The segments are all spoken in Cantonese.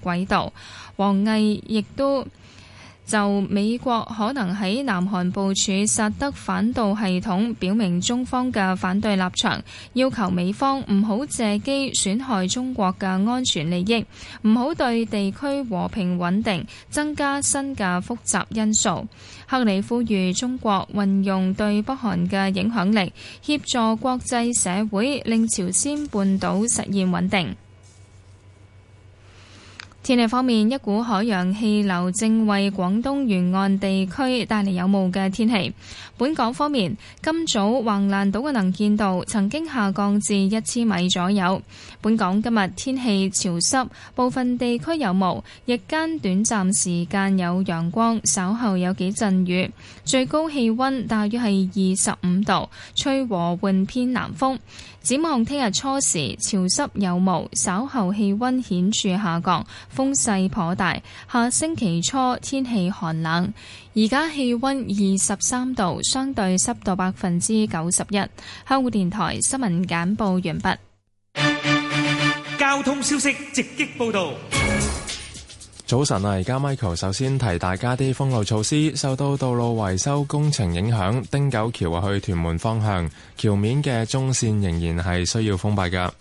軌道，王毅亦都就美國可能喺南韓部署薩德反導系統，表明中方嘅反對立場，要求美方唔好借機損害中國嘅安全利益，唔好對地區和平穩定增加新嘅複雜因素。克里呼籲中國運用對北韓嘅影響力，協助國際社會令朝鮮半島實現穩定。天氣方面，一股海洋氣流正為廣東沿岸地區帶嚟有霧嘅天氣。本港方面，今早橫瀾島嘅能見度曾經下降至一千米左右。本港今日天氣潮濕，部分地區有霧，日間短暫時間有陽光，稍後有幾陣雨。最高氣温大約係二十五度，吹和緩偏南風。展望聽日初時潮濕有霧，稍後氣温顯著下降，風勢頗大。下星期初天氣寒冷。而家氣温二十三度，相對濕度百分之九十一。香港電台新聞簡報完畢。交通消息直擊報導。早晨啊！而家 Michael 首先提大家啲封路措施。受到道路維修工程影響，汀九橋去屯門方向橋面嘅中線仍然係需要封閉噶。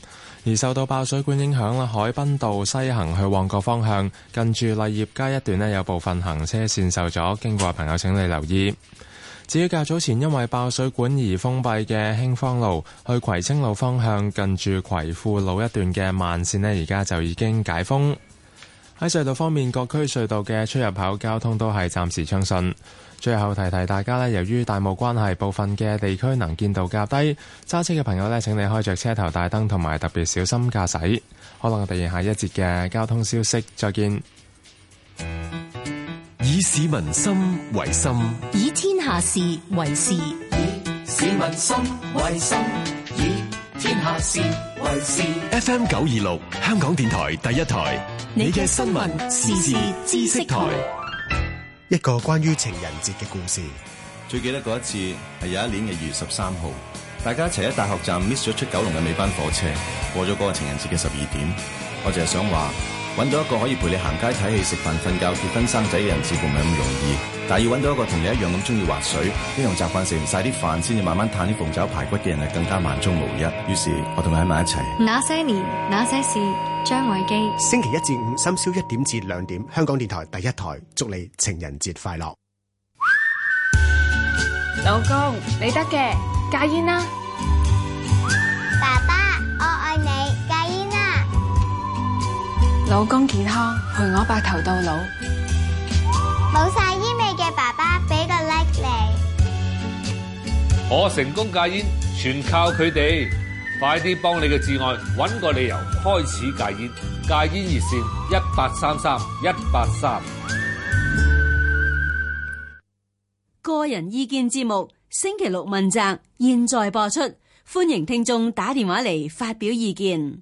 而受到爆水管影響啦，海濱道西行去旺角方向近住麗業街一段咧有部分行車線受阻，經過朋友請你留意。至於較早前因為爆水管而封閉嘅興芳路去葵青路方向近住葵富路一段嘅慢線咧，而家就已經解封。喺隧道方面，各區隧道嘅出入口交通都係暫時暢順。最後提提大家咧，由於大霧關係，部分嘅地區能見度較低，揸車嘅朋友咧，請你開着車頭大燈同埋特別小心駕駛，可能我哋下一節嘅交通消息，再見。以市民心為心，以天下事為事，以市民心為心，以天下事。F M 九二六香港電台第一台，你嘅新聞時事知識台，一個關於情人節嘅故事。最記得嗰一次係有一年嘅二月十三號，大家一齊喺大學站 miss 咗出九龍嘅尾班火車，過咗嗰個情人節嘅十二點，我淨係想話。揾到一個可以陪你行街睇戲食飯瞓覺結婚生仔嘅人，似乎唔係咁容易。但係要揾到一個同你一樣咁中意滑水，一樣習慣食唔晒啲飯先至慢慢嘆啲鳳爪排骨嘅人，係更加萬中無一。於是，我同佢喺埋一齊。那些年那些事，張偉基。星期一至五，深宵一點至兩點，香港電台第一台，祝你情人節快樂。老公，你得嘅，戒煙啦。老公健康，陪我白頭到老。冇晒煙味嘅爸爸，俾個 like 你。我成功戒煙，全靠佢哋。快啲幫你嘅摯愛，搵個理由開始戒煙。戒煙熱線：1833 183。個人意見節目，星期六問責，現在播出，歡迎聽眾打電話嚟發表意見。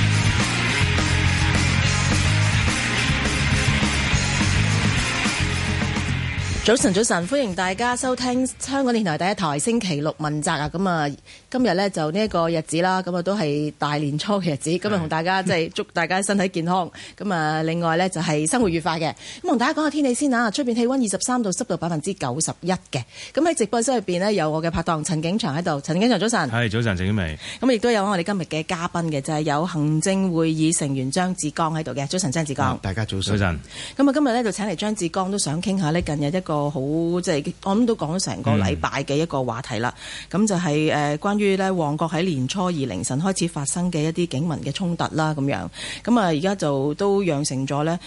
早晨，早晨，歡迎大家收聽香港電台第一台星期六問責啊！咁啊，今日呢就呢一個日子啦，咁啊都係大年初嘅日子，咁啊同大家即係 祝大家身體健康。咁啊，另外呢就係生活愉快嘅。咁同大家講下天氣先吓，出邊氣溫二十三度，濕度百分之九十一嘅。咁喺直播室入邊呢有我嘅拍檔陳景祥喺度。陳景祥，早晨。係，早晨，鄭婉薇，咁亦都有我哋今日嘅嘉賓嘅，就係、是、有行政會議成員張志剛喺度嘅。早晨，張志剛。大家早晨。早晨。咁啊，今日呢就請嚟張志剛都想傾下呢近日一個。個好即係我諗都講咗成個禮拜嘅一個話題啦。咁、嗯、就係誒，關於咧旺角喺年初二凌晨開始發生嘅一啲警民嘅衝突啦，咁樣咁啊，而家就都釀成咗咧。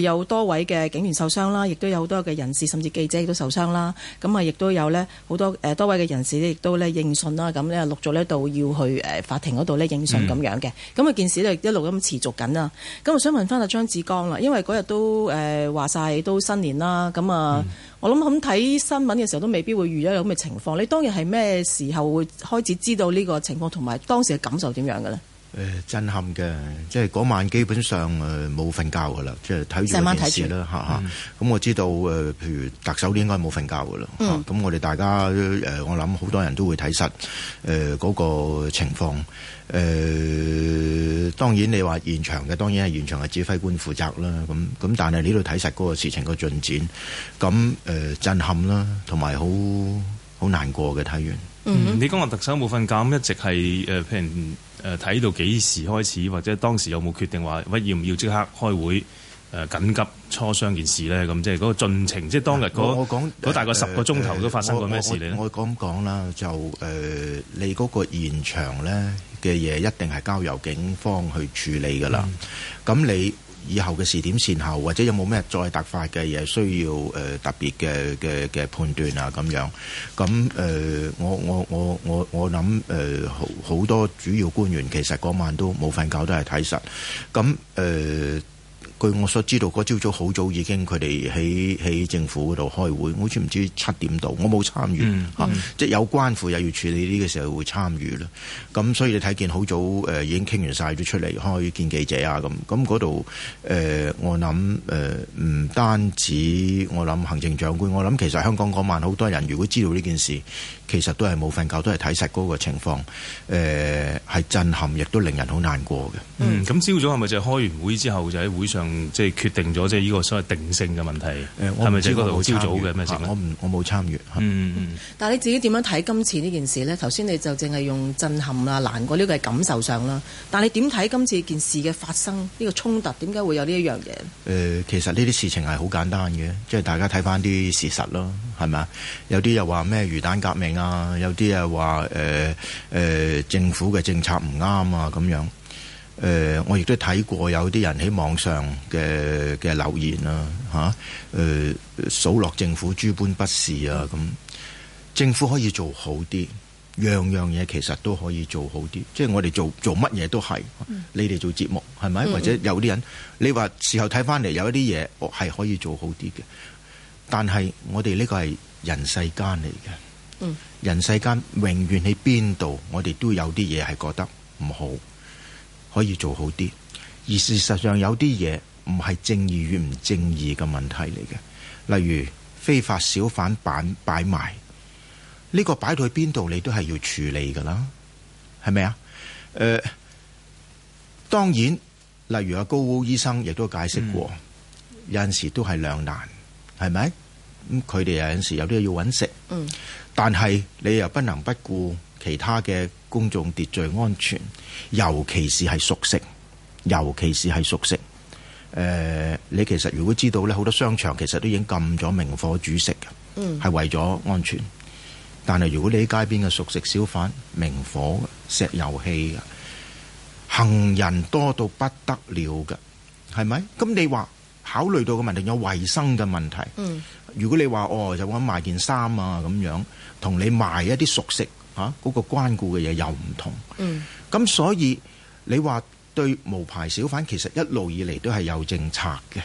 有多位嘅警員受傷啦，亦都有好多嘅人士甚至記者亦都受傷啦。咁啊，亦都有呢好多誒多位嘅人士亦都呢應訊啦。咁呢，陸續呢度要去誒法庭嗰度呢應訊咁、嗯、樣嘅。咁啊，件事呢，一路咁持續緊啦。咁我想問翻阿張志剛啦，因為嗰日都誒話晒都新年啦。咁啊、嗯，我諗咁睇新聞嘅時候都未必會遇到有咁嘅情況。你當日係咩時候會開始知道呢個情況，同埋當時嘅感受點樣嘅呢？誒、呃、震撼嘅，即係嗰晚基本上誒冇瞓覺㗎啦，即係睇住電視啦咁、嗯嗯嗯、我知道誒、呃，譬如特首應該冇瞓覺㗎啦。咁、嗯啊、我哋大家誒、呃，我諗好多人都會睇實誒嗰、呃嗰個情況。誒、呃，當然你話現場嘅，當然係現場嘅指揮官負責啦。咁、嗯、咁，但係呢度睇實嗰個事情嘅進展，咁、嗯、誒、呃、震撼啦，同埋好好難過嘅睇完。Mm-hmm. 嗯，你講話特首冇瞓覺一直係誒，譬如誒睇到幾時開始，或者當時有冇決定話，喂，要唔要即刻開會誒、呃、緊急磋商件事咧？咁即係嗰個進程，即係當日嗰、那、嗰、個、大概十個鐘頭都發生過咩事咧、呃呃？我講講啦，就誒、呃，你嗰個現場咧嘅嘢一定係交由警方去處理㗎喇，咁、嗯、你。以後嘅事點善後，或者有冇咩再突發嘅嘢需要誒、呃、特別嘅嘅嘅判斷啊咁樣，咁誒、呃、我我我我我諗誒好好多主要官員其實嗰晚都冇瞓覺都係睇實，咁誒。呃據我所知道，嗰、那、朝、個、早好早已經佢哋喺喺政府嗰度開會，好似唔知七點到，我冇參與、嗯嗯啊、即係有關乎又要處理呢個時候會參與啦。咁所以你睇見好早誒、呃、已經傾完晒咗出嚟開見記者啊咁。咁嗰度誒我諗誒唔單止我諗行政長官，我諗其實香港嗰晚好多人如果知道呢件事，其實都係冇瞓覺，都係睇實嗰個情況。誒、呃、係震撼，亦都令人好難過嘅。咁、嗯、朝早係咪就係開完會之後就喺會上？即係決定咗，即係呢個所謂定性嘅問題，係咪即係嗰度朝早嘅咩事我我冇參與。啊參與嗯嗯、但係你自己點樣睇今次呢件事呢？頭先你就淨係用震撼啦、啊、難過，呢個係感受上啦。但係你點睇今次件事嘅發生呢、呢個衝突？點解會有呢一樣嘢？誒、呃，其實呢啲事情係好簡單嘅，即係大家睇翻啲事實咯，係咪啊？有啲又話咩魚蛋革命啊，有啲又話誒誒政府嘅政策唔啱啊咁樣。誒、呃，我亦都睇過有啲人喺網上嘅嘅留言啦、啊，嚇、啊，誒、呃、數落政府諸般不是啊，咁政府可以做好啲，樣樣嘢其實都可以做好啲，即係我哋做做乜嘢都係、嗯，你哋做節目係咪、嗯？或者有啲人，你話事後睇翻嚟有一啲嘢，我係可以做好啲嘅，但係我哋呢個係人世間嚟嘅、嗯，人世間永遠喺邊度，我哋都有啲嘢係覺得唔好。可以做好啲，而事實上有啲嘢唔係正義與唔正義嘅問題嚟嘅，例如非法小販擺擺賣，呢個擺到去邊度你都係要處理噶啦，係咪啊？誒、呃，當然，例如阿高醫生亦都解釋過，嗯、有陣時都係兩難，係咪？咁佢哋有陣時有啲要揾食，嗯、但係你又不能不顧。其他嘅公眾秩序安全，尤其是係熟食，尤其是係熟食。誒、呃，你其實如果知道咧，好多商場其實都已經禁咗明火煮食嘅，係、嗯、為咗安全。但係如果你喺街邊嘅熟食小販明火石油氣嘅行人多到不得了嘅，係咪？咁你話考慮到嘅問題有衛生嘅問題。嗯，如果你話哦，就咁賣件衫啊，咁樣同你賣一啲熟食。嚇、啊、嗰、那個關顧嘅嘢又唔同，咁、嗯、所以你話對無牌小販其實一路以嚟都係有政策嘅。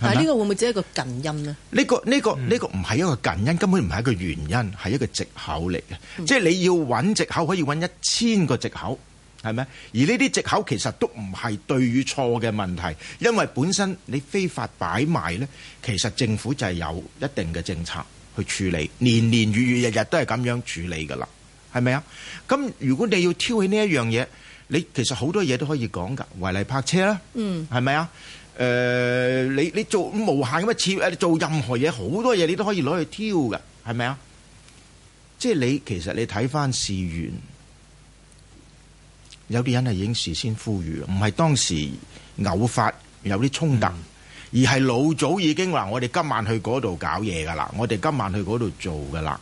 但係呢個會唔會只係一個近因呢？呢、這個呢、這個呢、這個唔係一個近因，根本唔係一個原因，係一個藉口嚟嘅。即、嗯、係、就是、你要揾藉口，可以揾一千個藉口，係咪？而呢啲藉口其實都唔係對與錯嘅問題，因為本身你非法擺賣呢，其實政府就係有一定嘅政策去處理，年年月月日日都係咁樣處理㗎啦。係咪啊？咁如果你要挑起呢一樣嘢，你其實好多嘢都可以講噶，為例泊車啦，嗯，係咪啊？誒，你你做無限咁嘅設誒，做任何嘢好多嘢你都可以攞去挑噶，係咪啊？即係你其實你睇翻事源，有啲人係已經事先呼籲，唔係當時偶發有啲衝突，嗯、而係老早已經話，我哋今晚去嗰度搞嘢噶啦，我哋今晚去嗰度做噶啦。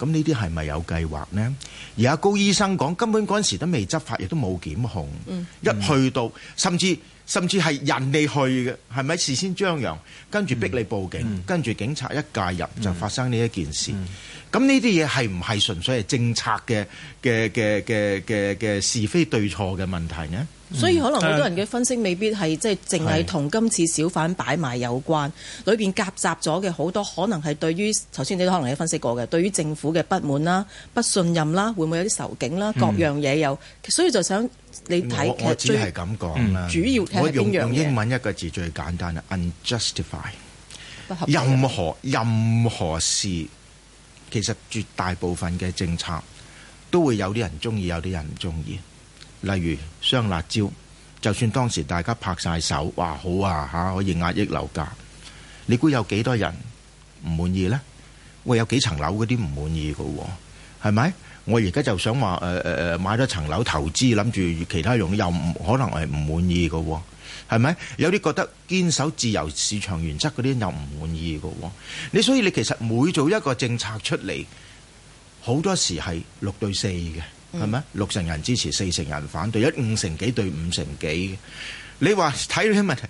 咁呢啲係咪有計劃呢？而阿高醫生講根本嗰陣時都未執法，亦都冇檢控、嗯。一去到，甚至甚至係人哋去嘅，係咪事先張揚，跟住逼你報警，嗯、跟住警察一介入就發生呢一件事。咁呢啲嘢係唔係純粹係政策嘅嘅嘅嘅嘅嘅是非對錯嘅問題呢？所以可能好多人嘅分析未必係即係淨係同今次小販擺賣有關，裏邊夾雜咗嘅好多可能係對於頭先你都可能有分析過嘅，對於政府嘅不滿啦、不信任啦，會唔會有啲仇警啦、嗯？各樣嘢有，所以就想你睇，我只係咁講啦。主要睇邊樣用英文一個字最簡單啦 unjustified 任何任何事，其實絕大部分嘅政策都會有啲人中意，有啲人唔中意。例如雙辣椒，就算當時大家拍晒手，哇好啊嚇，可以壓抑樓價。你估有幾多人唔滿意呢？我有幾層樓嗰啲唔滿意㗎喎，係咪？我而家就想話誒誒誒，買咗層樓投資，諗住其他用，又唔可能係唔滿意㗎喎，係咪？有啲覺得堅守自由市場原則嗰啲又唔滿意㗎喎。你所以你其實每做一個政策出嚟，好多時係六對四嘅。係咪？六成人支持，四成人反對，一五成幾對五成幾。你話睇呢啲問題，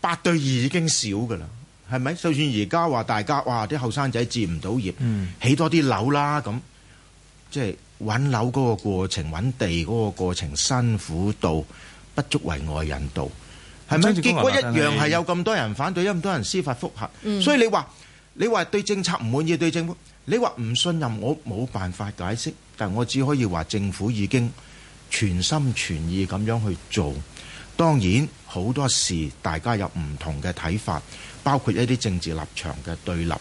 八對二已經少噶啦，係咪？就算而家話大家哇，啲後生仔置唔到業，起多啲樓啦咁，即係搵樓嗰個過程，搵地嗰個過程，辛苦到不足為外人道，係咪？結果一樣係有咁多人反對，有咁多人司法覆核、嗯，所以你話你話對政策唔滿意，對政府你話唔信任，我冇辦法解釋。但我只可以話政府已經全心全意咁樣去做。當然好多時大家有唔同嘅睇法，包括一啲政治立場嘅對立。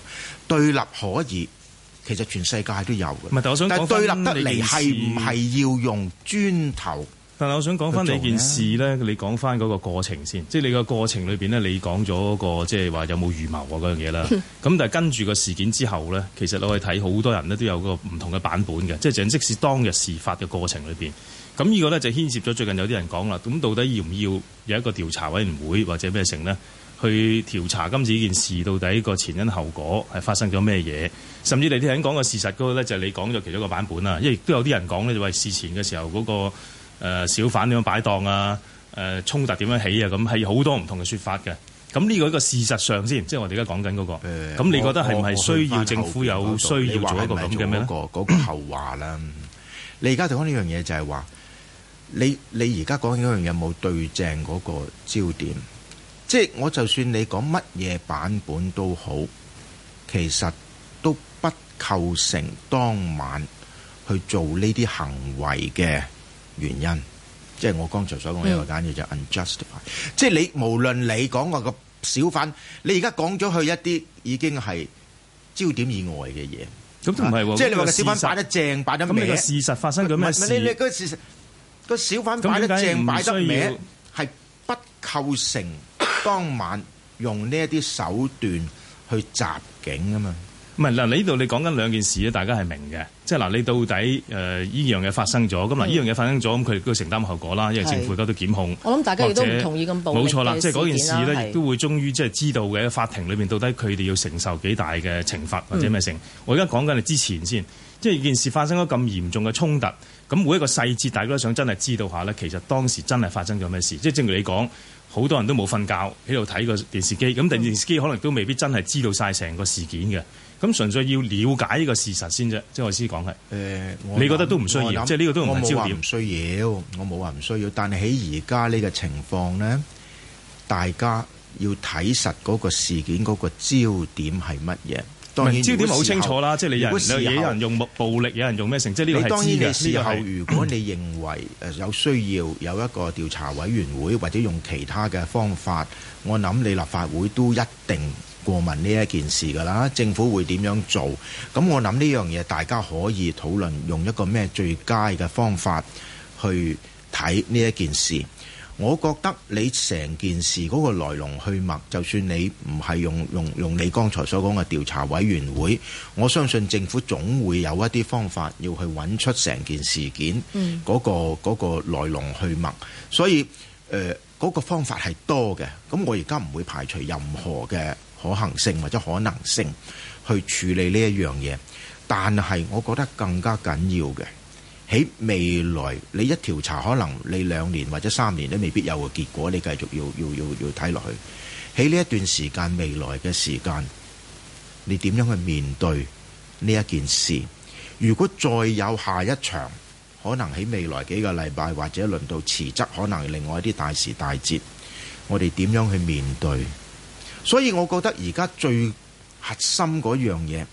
對立可以，其實全世界都有嘅。但係對立得嚟係唔係要用磚頭？但係，我想講翻你件事呢，啊、你講翻嗰個過程先，即、就、係、是、你個過程裏面呢，你講咗、那個即係話有冇預謀啊嗰樣嘢啦。咁 但係跟住個事件之後呢，其實你可以睇好多人呢都有個唔同嘅版本嘅，即、就、係、是、即使當日事發嘅過程裏面。咁呢個呢，就牽涉咗最近有啲人講啦。咁到底要唔要有一個調查委員會或者咩成呢？去調查今次呢件事到底個前因後果係發生咗咩嘢？甚至你聽人講個事實嗰個就係、是、你講咗其中一個版本啦，因為亦都有啲人講呢，就話事前嘅時候嗰、那個。誒、呃、小販點樣擺檔啊？誒、呃、衝突點樣起啊？咁係好多唔同嘅說法嘅。咁呢、這個一、這個事實上先，即係我哋而家講緊嗰個。咁、嗯、你覺得係唔係需要政府有需要做一個咁嘅咩個嗰、那個那個後話啦？ 你而家講呢樣嘢就係話，你你而家講緊嗰樣嘢冇對正嗰個焦點，即、就、係、是、我就算你講乜嘢版本都好，其實都不構成當晚去做呢啲行為嘅。原因，即係我剛才所講呢、嗯、個簡易就 unjustified，嗯、即係你無論你講個、那個小販，你而家講咗佢一啲已經係焦點以外嘅嘢，咁同唔係？即係你話個小販擺得正，擺、那個、得咁你、那個事實發生咗咩事？你你那個事實那個小販擺得正，擺、那個、得歪，係不構成當晚用呢一啲手段去襲警啊？嘛，唔係嗱，你呢度你講緊兩件事咧，大家係明嘅。即係嗱，你到底誒依、呃、樣嘢發生咗？咁、嗯、嗱，依樣嘢發生咗，咁佢亦都承擔後果啦，因為政府都都檢控。我諗大家亦都唔同意咁暴力嘅事件啦。冇錯啦，即係嗰件事呢，亦都會終於即係知道喺法庭裏面到底佢哋要承受幾大嘅懲罰或者咩成、嗯？我而家講緊係之前先，即係件事發生咗咁嚴重嘅衝突，咁每一個細節大家都想真係知道一下呢，其實當時真係發生咗咩事？即係正如你講，好多人都冇瞓覺喺度睇個電視機，咁電視機可能都未必真係知道晒成個事件嘅。嗯嗯咁純粹要了解呢個事實先啫，即係我意思講係。誒，你覺得都唔需要，即係呢個都唔係焦點。唔需要，我冇話唔需要。但係喺而家呢個情況呢，大家要睇實嗰個事件嗰個焦點係乜嘢。當然焦點好清楚啦，即係你有人，用暴力，有人用咩成。即係呢個係知嘅。呢個如果你認為有需要 有一個調查委員會或者用其他嘅方法，我諗你立法會都一定。過問呢一件事㗎啦，政府會點樣做？咁我諗呢樣嘢，大家可以討論用一個咩最佳嘅方法去睇呢一件事。我覺得你成件事嗰個來龍去脈，就算你唔係用用用你剛才所講嘅調查委員會，我相信政府總會有一啲方法要去揾出成件事件嗰個，嗯，嗰個，嗰個來龍去脈。所以，呃，嗰個方法係多嘅。咁我而家唔會排除任何嘅。可行性或者可能性去處理呢一樣嘢，但係我覺得更加緊要嘅，喺未來，你一調查可能你兩年或者三年都未必有個結果，你繼續要要要要睇落去，喺呢一段時間，未來嘅時間，你點樣去面對呢一件事？如果再有下一場，可能喺未來幾個禮拜或者輪到辭職，可能另外一啲大時大節，我哋點樣去面對？所以，我覺得而家最核心嗰樣嘢，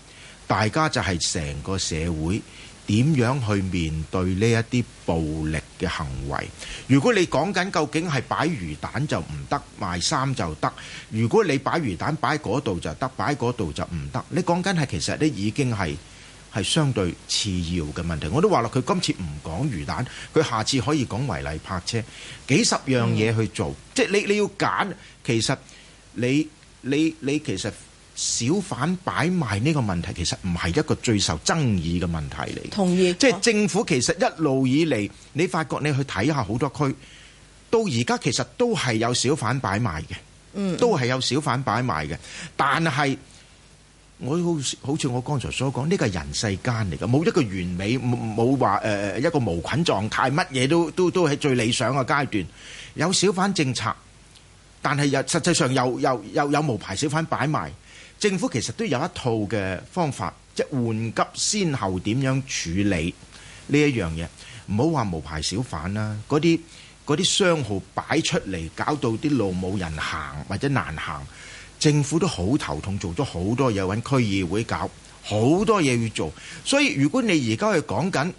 大家就係成個社會點樣去面對呢一啲暴力嘅行為。如果你講緊究竟係擺魚蛋就唔得，賣衫就得；如果你擺魚蛋擺喺嗰度就得，擺喺嗰度就唔得。你講緊係其實啲已經係係相對次要嘅問題。我都話啦，佢今次唔講魚蛋，佢下次可以講違例泊車，幾十樣嘢去做，即係你你要揀。其實你。你你其實小販擺賣呢個問題其實唔係一個最受爭議嘅問題嚟嘅，同意。即係政府其實一路以嚟，你發覺你去睇下好多區，到而家其實都係有小販擺賣嘅，嗯，都係有小販擺賣嘅。但係我好好似我剛才所講呢個係人世間嚟嘅，冇一個完美，冇話誒誒一個無菌狀態乜嘢都都都係最理想嘅階段。有小販政策。但係又實際上又又又有無牌小販擺賣，政府其實都有一套嘅方法，即係緩急先後點樣處理呢一樣嘢。唔好話無牌小販啦，嗰啲嗰啲商號擺出嚟，搞到啲路冇人行或者難行，政府都好頭痛，做咗好多嘢，揾區議會搞好多嘢要做。所以如果你而家去講緊，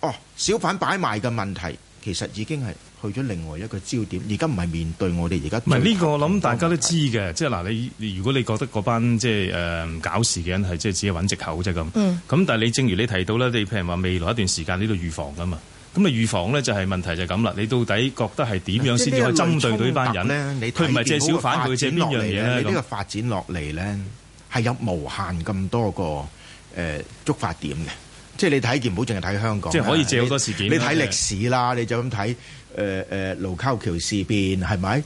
哦小販擺賣嘅問題，其實已經係，去咗另外一個焦點，而家唔係面對我哋而家。唔係呢個，我諗大家都知嘅，即係嗱，你如果你覺得嗰班即係誒、呃、搞事嘅人係即係自己揾藉口啫咁。嗯。咁但係你正如你提到咧，你譬如話未來一段時間呢度預防噶嘛，咁啊預防咧就係、是、問題就係咁啦。你到底覺得係點樣先至可以針對到呢班人是呢？佢唔係借小販，佢借呢樣嘢呢，呢個發展落嚟咧，係有無限咁多個誒、呃、觸發點嘅，即係你睇唔好淨係睇香港，即係可以借好多事件。你睇歷史啦，你就咁睇。誒、呃、誒、呃，盧溝橋事變係咪？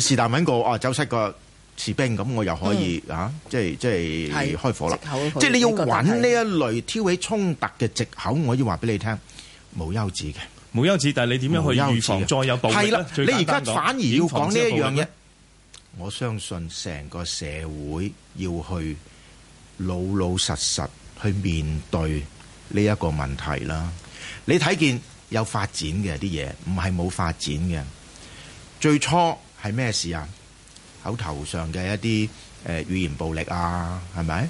是但揾個啊，走失個士兵，咁我又可以、嗯、啊，即係即係開火啦！即係你要揾呢、就是、一類挑起衝突嘅藉口，我要話俾你聽，冇休止嘅，冇休止。但係你點樣去預防休止再有暴力？係啦，你而家反而要講呢一樣嘢。我相信成個社會要去老老實實去面對呢一個問題啦。你睇見？有發展嘅啲嘢，唔係冇發展嘅。最初係咩事啊？口頭上嘅一啲誒、呃、語言暴力啊，係咪？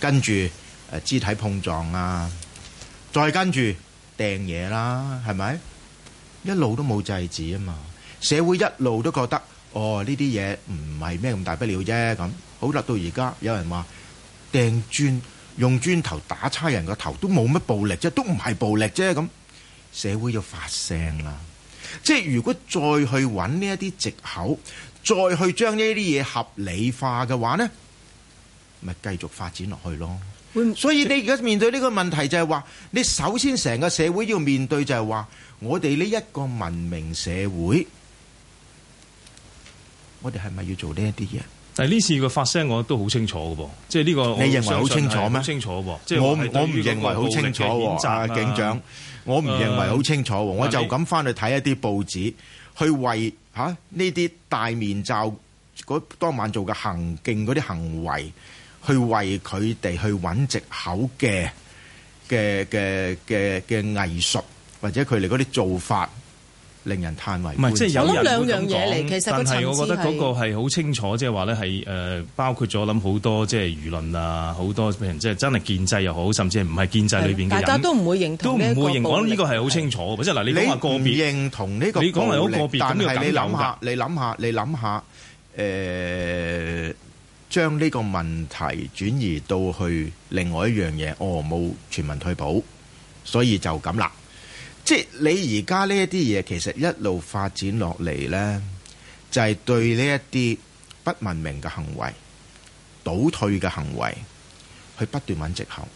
跟住誒、呃、肢體碰撞啊，再跟住掟嘢啦，係咪？一路都冇制止啊嘛。社會一路都覺得哦，呢啲嘢唔係咩咁大不了啫咁。好啦，到而家，有人話掟磚，用磚頭打差人個頭都冇乜暴力啫，都唔係暴力啫咁。社會要發聲啦，即係如果再去揾呢一啲藉口，再去將呢一啲嘢合理化嘅話呢，咪繼續發展落去咯、嗯。所以你而家面對呢個問題就係話，你首先成個社會要面對就係話，我哋呢一個文明社會，我哋係咪要做呢一啲嘢？但係呢次嘅發聲，我都好清楚嘅噃，即係呢個你認為好清楚咩？好清楚即係我我唔認為好清楚喎，警長。我唔認為好清楚，嗯、我就咁返去睇一啲報紙，去為吓呢啲戴面罩嗰，當晚做嘅行徑嗰啲行為，去為佢哋去揾藉口嘅嘅嘅嘅嘅藝術，或者佢哋嗰啲做法，令人嘆為。我覺得兩樣嘢嚟，其實但係我覺得嗰個係好清楚，即係話咧係包括咗諗好多即係輿論啊，好多即係真係建制又好，甚至係唔係建制裏面嘅大家都唔會，會認同。都唔會認。我諗呢個係好清楚，即係嗱，你講下個別，你講話好個別係你你諗下，你諗下，你諗下，呃，將呢個問題轉移到去另外一樣嘢，哦冇全民退保，所以就咁啦。即係你而家呢一啲嘢，其實一路發展落嚟咧，就係、是、對呢一啲不文明嘅行為、倒退嘅行為，去不斷揾借口。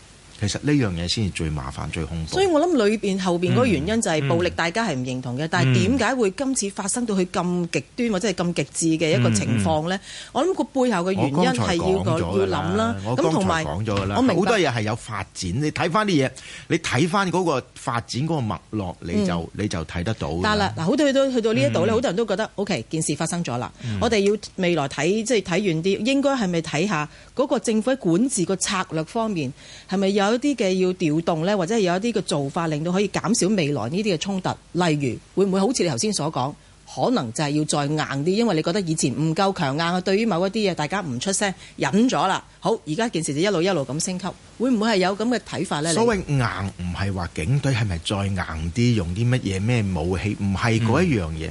其實呢樣嘢先至最麻煩、最恐怖。所以我諗裏面、後面嗰個原因就係暴力，嗯嗯、大家係唔認同嘅。但係點解會今次發生到佢咁極端或者係咁極致嘅一個情況呢？嗯嗯、我諗個背後嘅原因係要了了要諗啦。咁同埋我講咗好多嘢係有發展，你睇翻啲嘢，你睇翻嗰個發展嗰個脈絡，你就、嗯、你就睇得到。但係啦，嗱，好多人都去到呢一度好多人都覺得、嗯、OK，件事發生咗啦、嗯，我哋要未來睇，即係睇遠啲，應該係咪睇下嗰個政府喺管治個策略方面係咪有？有啲嘅要調動咧，或者有一啲嘅做法，令到可以減少未來呢啲嘅衝突。例如，會唔會好似你頭先所講，可能就係要再硬啲，因為你覺得以前唔夠強硬啊，對於某一啲嘢，大家唔出聲，忍咗啦。好，而家件事就一路一路咁升級，會唔會係有咁嘅睇法咧？所謂硬，唔係話警隊係咪再硬啲，用啲乜嘢咩武器，唔係嗰一樣嘢，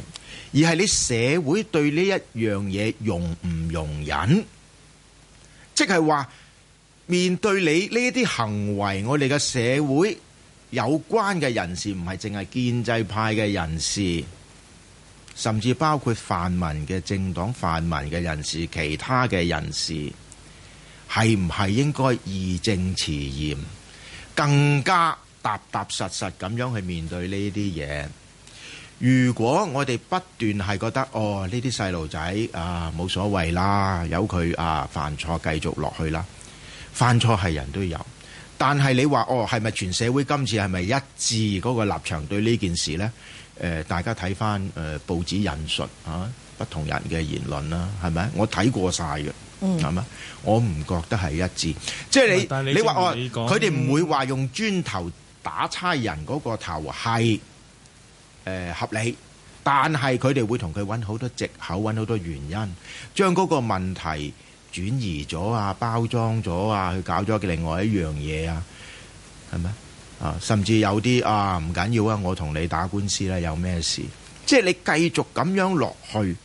嗯，而係你社會對呢一樣嘢容唔容忍，即係話。面對你呢啲行為，我哋嘅社會有關嘅人士唔係淨係建制派嘅人士，甚至包括泛民嘅政黨、泛民嘅人士、其他嘅人士，係唔係應該義正辭嚴，更加踏踏實實咁樣去面對呢啲嘢？如果我哋不斷係覺得哦，呢啲細路仔啊，冇所謂啦，由佢啊，犯錯繼續落去啦。犯錯係人都有，但係你話哦，係咪全社會今次係咪一致嗰個立場對呢件事呢？誒、呃，大家睇翻誒報紙引述嚇、啊、不同人嘅言論啦，係咪？我睇過晒嘅，係、嗯、咪？我唔覺得係一致。即係你你話哦，佢哋唔會話用磚頭打差人嗰個頭係、呃、合理，但係佢哋會同佢揾好多藉口，揾好多原因，將嗰個問題。轉移咗啊，包裝咗啊，去搞咗嘅另外一樣嘢啊，係咪啊？甚至有啲啊唔緊要啊，我同你打官司啦，有咩事？即係你繼續咁樣落去，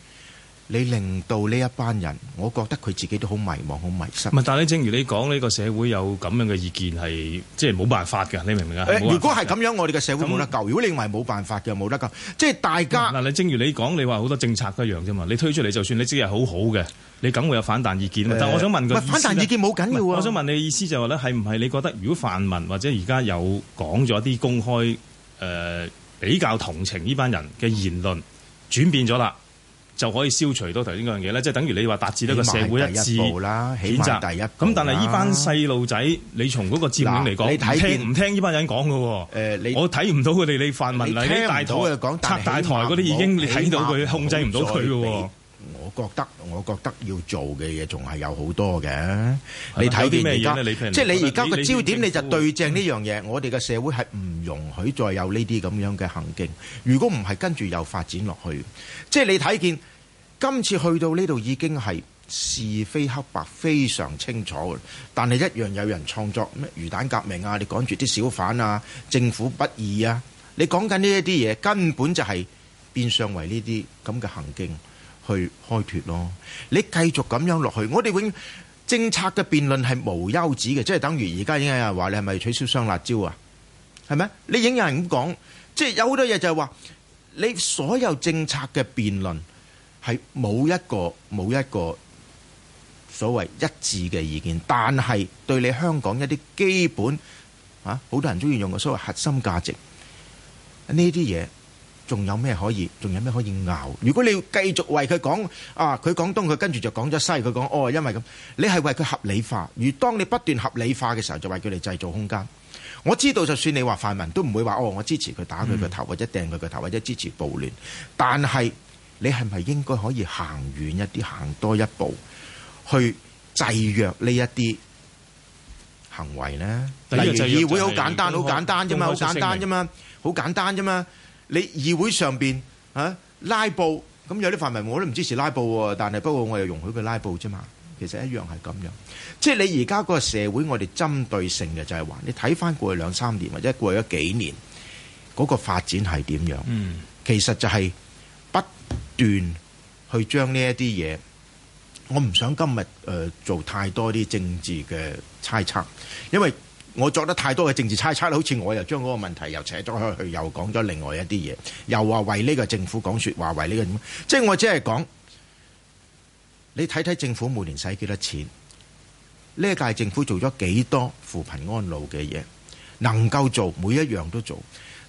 你令到呢一班人，我覺得佢自己都好迷茫，好迷失。唔係，但係正如你講，呢個社會有咁樣嘅意見係，即係冇辦法嘅，你明唔明啊？如果係咁樣，我哋嘅社會冇得救。如果你認為冇辦法嘅，冇得救。即係大家嗱，你正如你講，你話好多政策一樣啫嘛，你推出嚟就算你即係好好嘅。你梗會有反彈意見，但係我想問佢。反彈意見冇緊要喎。我想問你意思就係話咧，係唔係你覺得如果泛民或者而家有講咗啲公開誒、呃、比較同情呢班人嘅言論轉變咗啦，就可以消除到頭先嗰樣嘢咧？即係等於你話達至一個社會一致第一啦，起責。咁但係呢班細路仔，你從嗰個節目嚟講，你聽唔聽呢班人講嘅喎。我睇唔到佢哋，你泛民嚟嘅大台嗰啲已經睇到佢控制唔到佢嘅喎。我覺得，我覺得要做嘅嘢仲係有好多嘅。你睇見而家即係你而家個焦點，你就對正呢樣嘢。我哋嘅社會係唔容許再有呢啲咁樣嘅行徑。嗯、如果唔係跟住又發展落去，即係你睇見今次去到呢度已經係是，是非黑白非常清楚。但係一樣有人創作咩魚蛋革命啊？你講住啲小販啊，政府不義啊？你講緊呢一啲嘢根本就係變相為呢啲咁嘅行徑。去開脱咯！你繼續咁樣落去，我哋永政策嘅辯論係無休止嘅，即係等於而家已經有人話你係咪取消雙辣椒啊？係咪？你已經有人咁講，即係有好多嘢就係話你所有政策嘅辯論係冇一個冇一個所謂一致嘅意見，但係對你香港一啲基本啊，好多人鍾意用嘅所謂核心價值呢啲嘢。仲有咩可以？仲有咩可以拗？如果你繼續為佢講啊，佢講東，佢跟住就講咗西，佢講哦，因為咁。你係為佢合理化，而當你不斷合理化嘅時候，就為佢哋製造空間。我知道，就算你話泛民都唔會話哦，我支持佢打佢個頭，或者掟佢個頭，或者支持暴亂。但係你係咪應該可以行遠一啲，行多一步去制約呢一啲行為呢？例如議會好簡單，好簡單啫嘛，好簡單啫嘛，好簡單啫嘛。你議會上邊啊，拉布，咁有啲泛民我都唔支持拉布喎，但係不過我又容許佢拉布啫嘛，其實一樣係咁樣。即係你而家嗰個社會，我哋針對性嘅就係話，你睇返過去兩三年或者過去咗幾年嗰個發展係點樣？嗯，其實就係不斷去將呢一啲嘢，我唔想今日誒、呃、做太多啲政治嘅猜測，因為。我作得太多嘅政治猜測，好似我又將嗰個問題又扯咗去，又講咗另外一啲嘢，又話為呢個政府講說話，為呢、呢個點？即係我只係講，你睇睇政府每年使幾多錢，呢一屆政府做咗幾多扶貧安老嘅嘢？能夠做每一樣都做，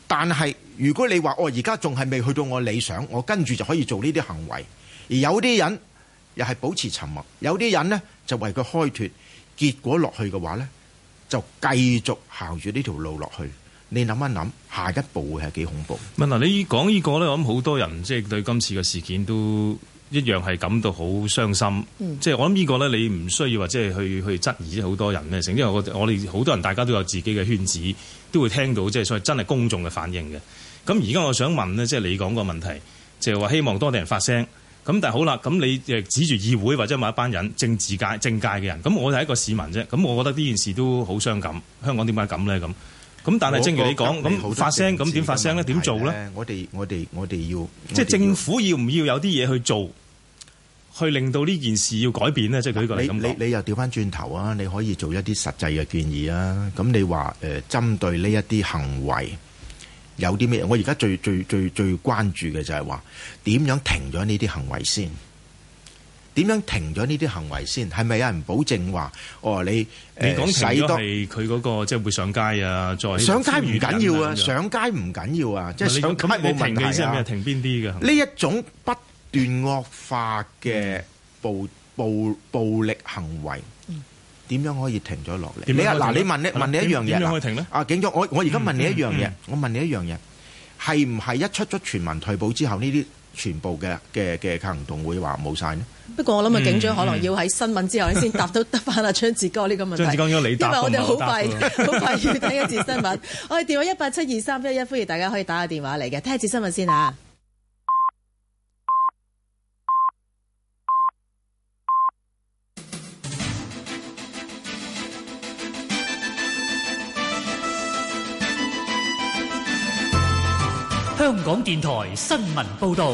但係如果你話，我而家仲係未去到我理想，我跟住就可以做呢啲行為，而有啲人又係保持沉默，有啲人咧就為佢開脫，結果落去嘅話咧。就繼續行住呢條路落去。你諗一諗下一步會係幾恐怖？問嗱，你講呢、呢個咧，我諗好多人即係對今次嘅事件都一樣係感到好傷心。即、嗯、係我諗呢個咧，你唔需要話即係去去質疑，好多人呢。成，因為我我哋好多人大家都有自己嘅圈子，都會聽到即係所謂真係公眾嘅反應嘅。咁而家我想問咧，即係你講個問題，就係、是、話希望多啲人發聲。咁但係好啦，咁你呃指住議會或者某一班人，政治界政界嘅人，咁我係一個市民啫。咁我覺得呢件事都好傷感。香港點解咁咧？咁咁但係正如你講，咁發聲，咁點發聲咧？點做咧？我哋我哋我哋要，我要即係政府要唔要有啲嘢去做，去令到呢件事要改變咧？即係佢呢個你你你又調翻轉頭啊！你可以做一啲實際嘅建議啊！咁你話、呃、針對呢一啲行為。有啲咩？我而家最最最最關注嘅就係話點樣停咗呢啲行為先？點樣停咗呢啲行為先？係咪有人保證話？哦，你你講停咗係佢嗰個即係會上街啊？再上街唔緊要啊！上街唔緊要啊！即係上街咁冇問題啊？停邊啲嘅呢一種不斷惡化嘅暴暴暴力行為。點樣可以停咗落嚟？你啊，嗱，你問你問你一樣嘢停咧？啊，警長，我我而家問你一樣嘢，嗯嗯，我問你一樣嘢，係唔係一出咗全民退保之後，呢啲全部嘅嘅嘅行動會話冇晒呢？不過我諗啊，警長可能要喺新聞之後先答到得返阿張志剛呢個問題。嗯嗯， 因為我哋好快好 快要睇一節新聞。我哋電話一八七二三一一，歡迎大家可以打個電話嚟嘅，睇一節新聞先嚇，啊。香港電台新聞報道。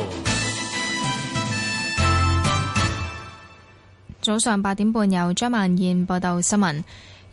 早上八點半，由張曼燕報道新聞。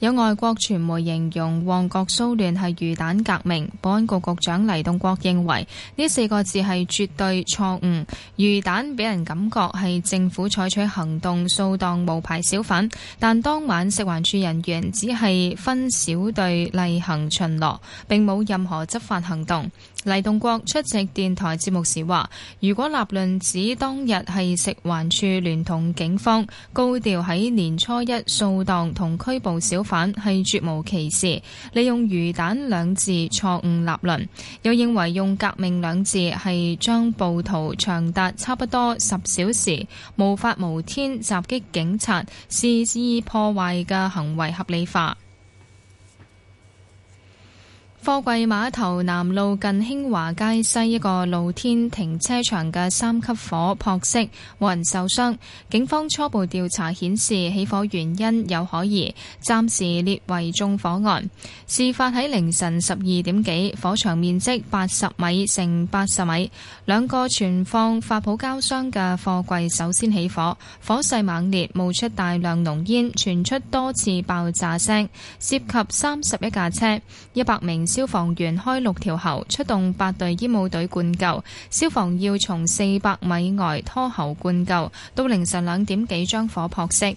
有外國傳媒形容旺角騷亂係魚蛋革命。保安局局長黎棟國認為呢四個字係絕對錯誤。魚蛋俾人感覺係政府採取行動掃蕩無牌小販，但當晚食環署人員只係分小隊例行巡邏，並冇任何執法行動。黎棟國出席電台節目時話：如果立論指當日係食環署聯同警方高調喺年初一掃蕩同拘捕小，反係絕無其事。利用魚蛋兩字錯誤立論，又認為用革命兩字係將暴徒長達差不多十小時無法無天襲擊警察肆意破壞嘅行為合理化。貨櫃碼頭南路近興華街西一個露天停車場嘅三級火撲熄，冇人受傷。警方初步調查顯示起火原因有可疑，暫時列為縱火案。事發喺凌晨十二點幾，火場面積八十米乘八十米，兩個存放發泡膠箱嘅貨櫃首先起火，火勢猛烈，冒出大量濃煙，傳出多次爆炸聲，涉及三十一架車，一百名。消防員開六條喉，出動八隊煙帽隊灌救，消防要從四百米外拖喉灌救，到凌晨兩點幾將火撲熄。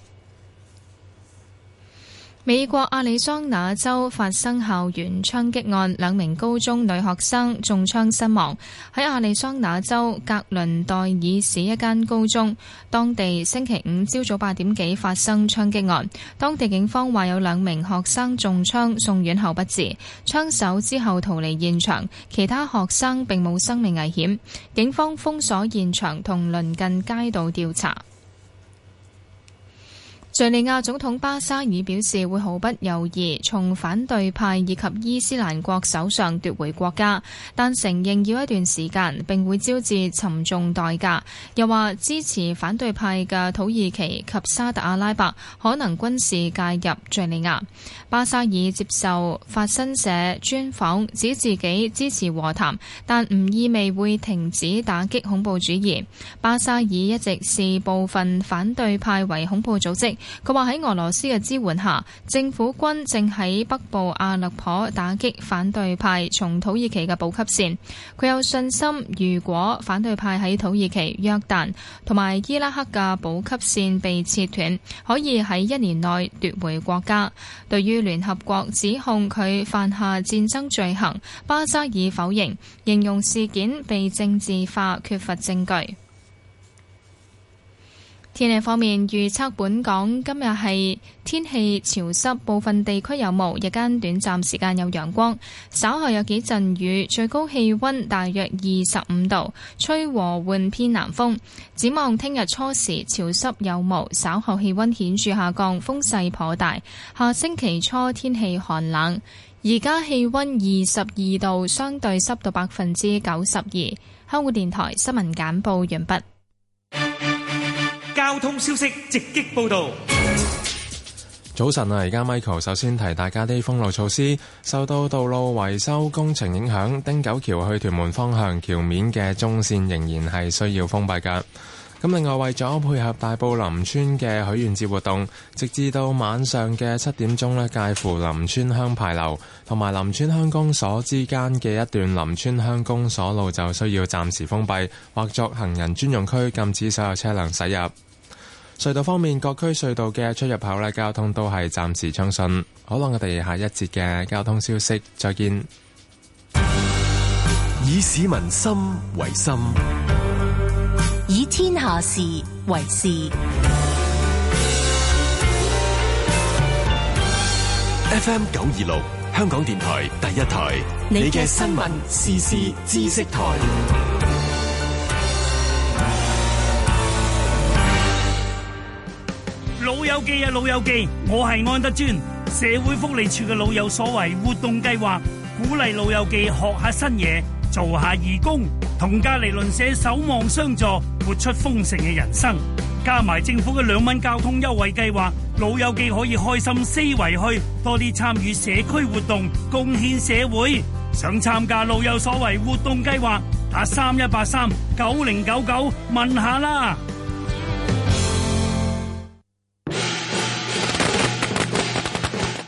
美國阿里桑那州發生校園槍擊案，兩名高中女學生中槍身亡。喺阿里桑那州格倫代爾市一間高中，當地星期五朝早八點幾發生槍擊案。當地警方話有兩名學生中槍送院後不治，槍手之後逃離現場，其他學生並冇生命危險。警方封鎖現場同鄰近街道調查。敘利亞總統巴沙爾表示會毫不猶豫從反對派以及伊斯蘭國手上奪回國家，但承認要一段時間並會招致沉重代價。又話支持反對派嘅土耳其及沙特阿拉伯可能軍事介入敘利亞。巴沙爾接受法新社專訪，指自己支持和談，但唔意味會停止打擊恐怖主義。巴沙爾一直視部分反對派為恐怖組織。佢話喺俄羅斯嘅支援下，政府軍正喺北部阿勒頗打擊反對派，從土耳其嘅補給線。佢有信心，如果反對派喺土耳其、約旦同埋伊拉克嘅補給線被切斷，可以喺一年內奪回國家。對於聯合國指控佢犯下戰爭罪行，巴沙爾否認，形容事件被政治化，缺乏證據。天氣方面，預測，本港今日係天氣潮濕，部分地區有霧，日間短暫時間有陽光，稍後有幾陣雨，最高氣温大約二十五度，吹和緩偏南風。展望聽日初時潮濕有霧，稍後氣温顯著下降，風勢頗大。下星期初天氣寒冷，而家氣温二十二度，相對濕度百分之九十二。香港電台新聞簡報完畢。交通消息直擊報道。早晨啊，而家 Michael 首先提大家啲封路措施。受到道路維修工程影響，汀九橋去屯門方向橋面嘅中線仍然係需要封閉噶。咁另外為咗配合大埔林村嘅許願節活動，直至到晚上嘅七點鐘咧，介乎林村鄉牌樓同埋林村鄉公所之間嘅一段林村鄉公所路就需要暫時封閉，或作行人專用區，禁止所有車輛駛入。隧道方面，各區隧道嘅出入口咧，交通都係暫時暢順。好啦，我哋下一節嘅交通消息再見。以市民心為心，以天下事為事。FM 九二六，香港電台第一台，你嘅新聞時事知識台。老友記啊，老友記，我係安德尊，社會福利處嘅老友所為活動計劃，鼓勵老友記學下新嘢，做下義工，同隔籬鄰舍守望相助，活出豐盛嘅人生。加埋政府嘅兩蚊交通優惠計劃，老友記可以開心四圍去，多啲參與社區活動，貢獻社會。想參加老友所為活動計劃，打三一八三九零九九問下啦。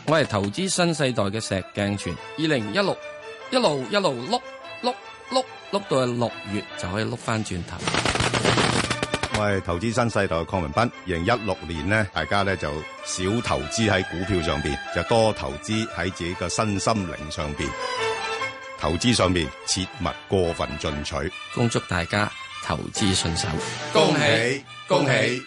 我係投資新世代嘅石鏡泉，二零一六一路一路碌碌碌碌到係六月就可以碌翻轉頭。我係投資新世代嘅鄺文斌，二零一六年咧，大家咧就少投資喺股票上邊，就多投資喺自己嘅身心靈上邊。投資上邊切勿過分進取，恭祝大家投資順手，恭喜恭喜！恭喜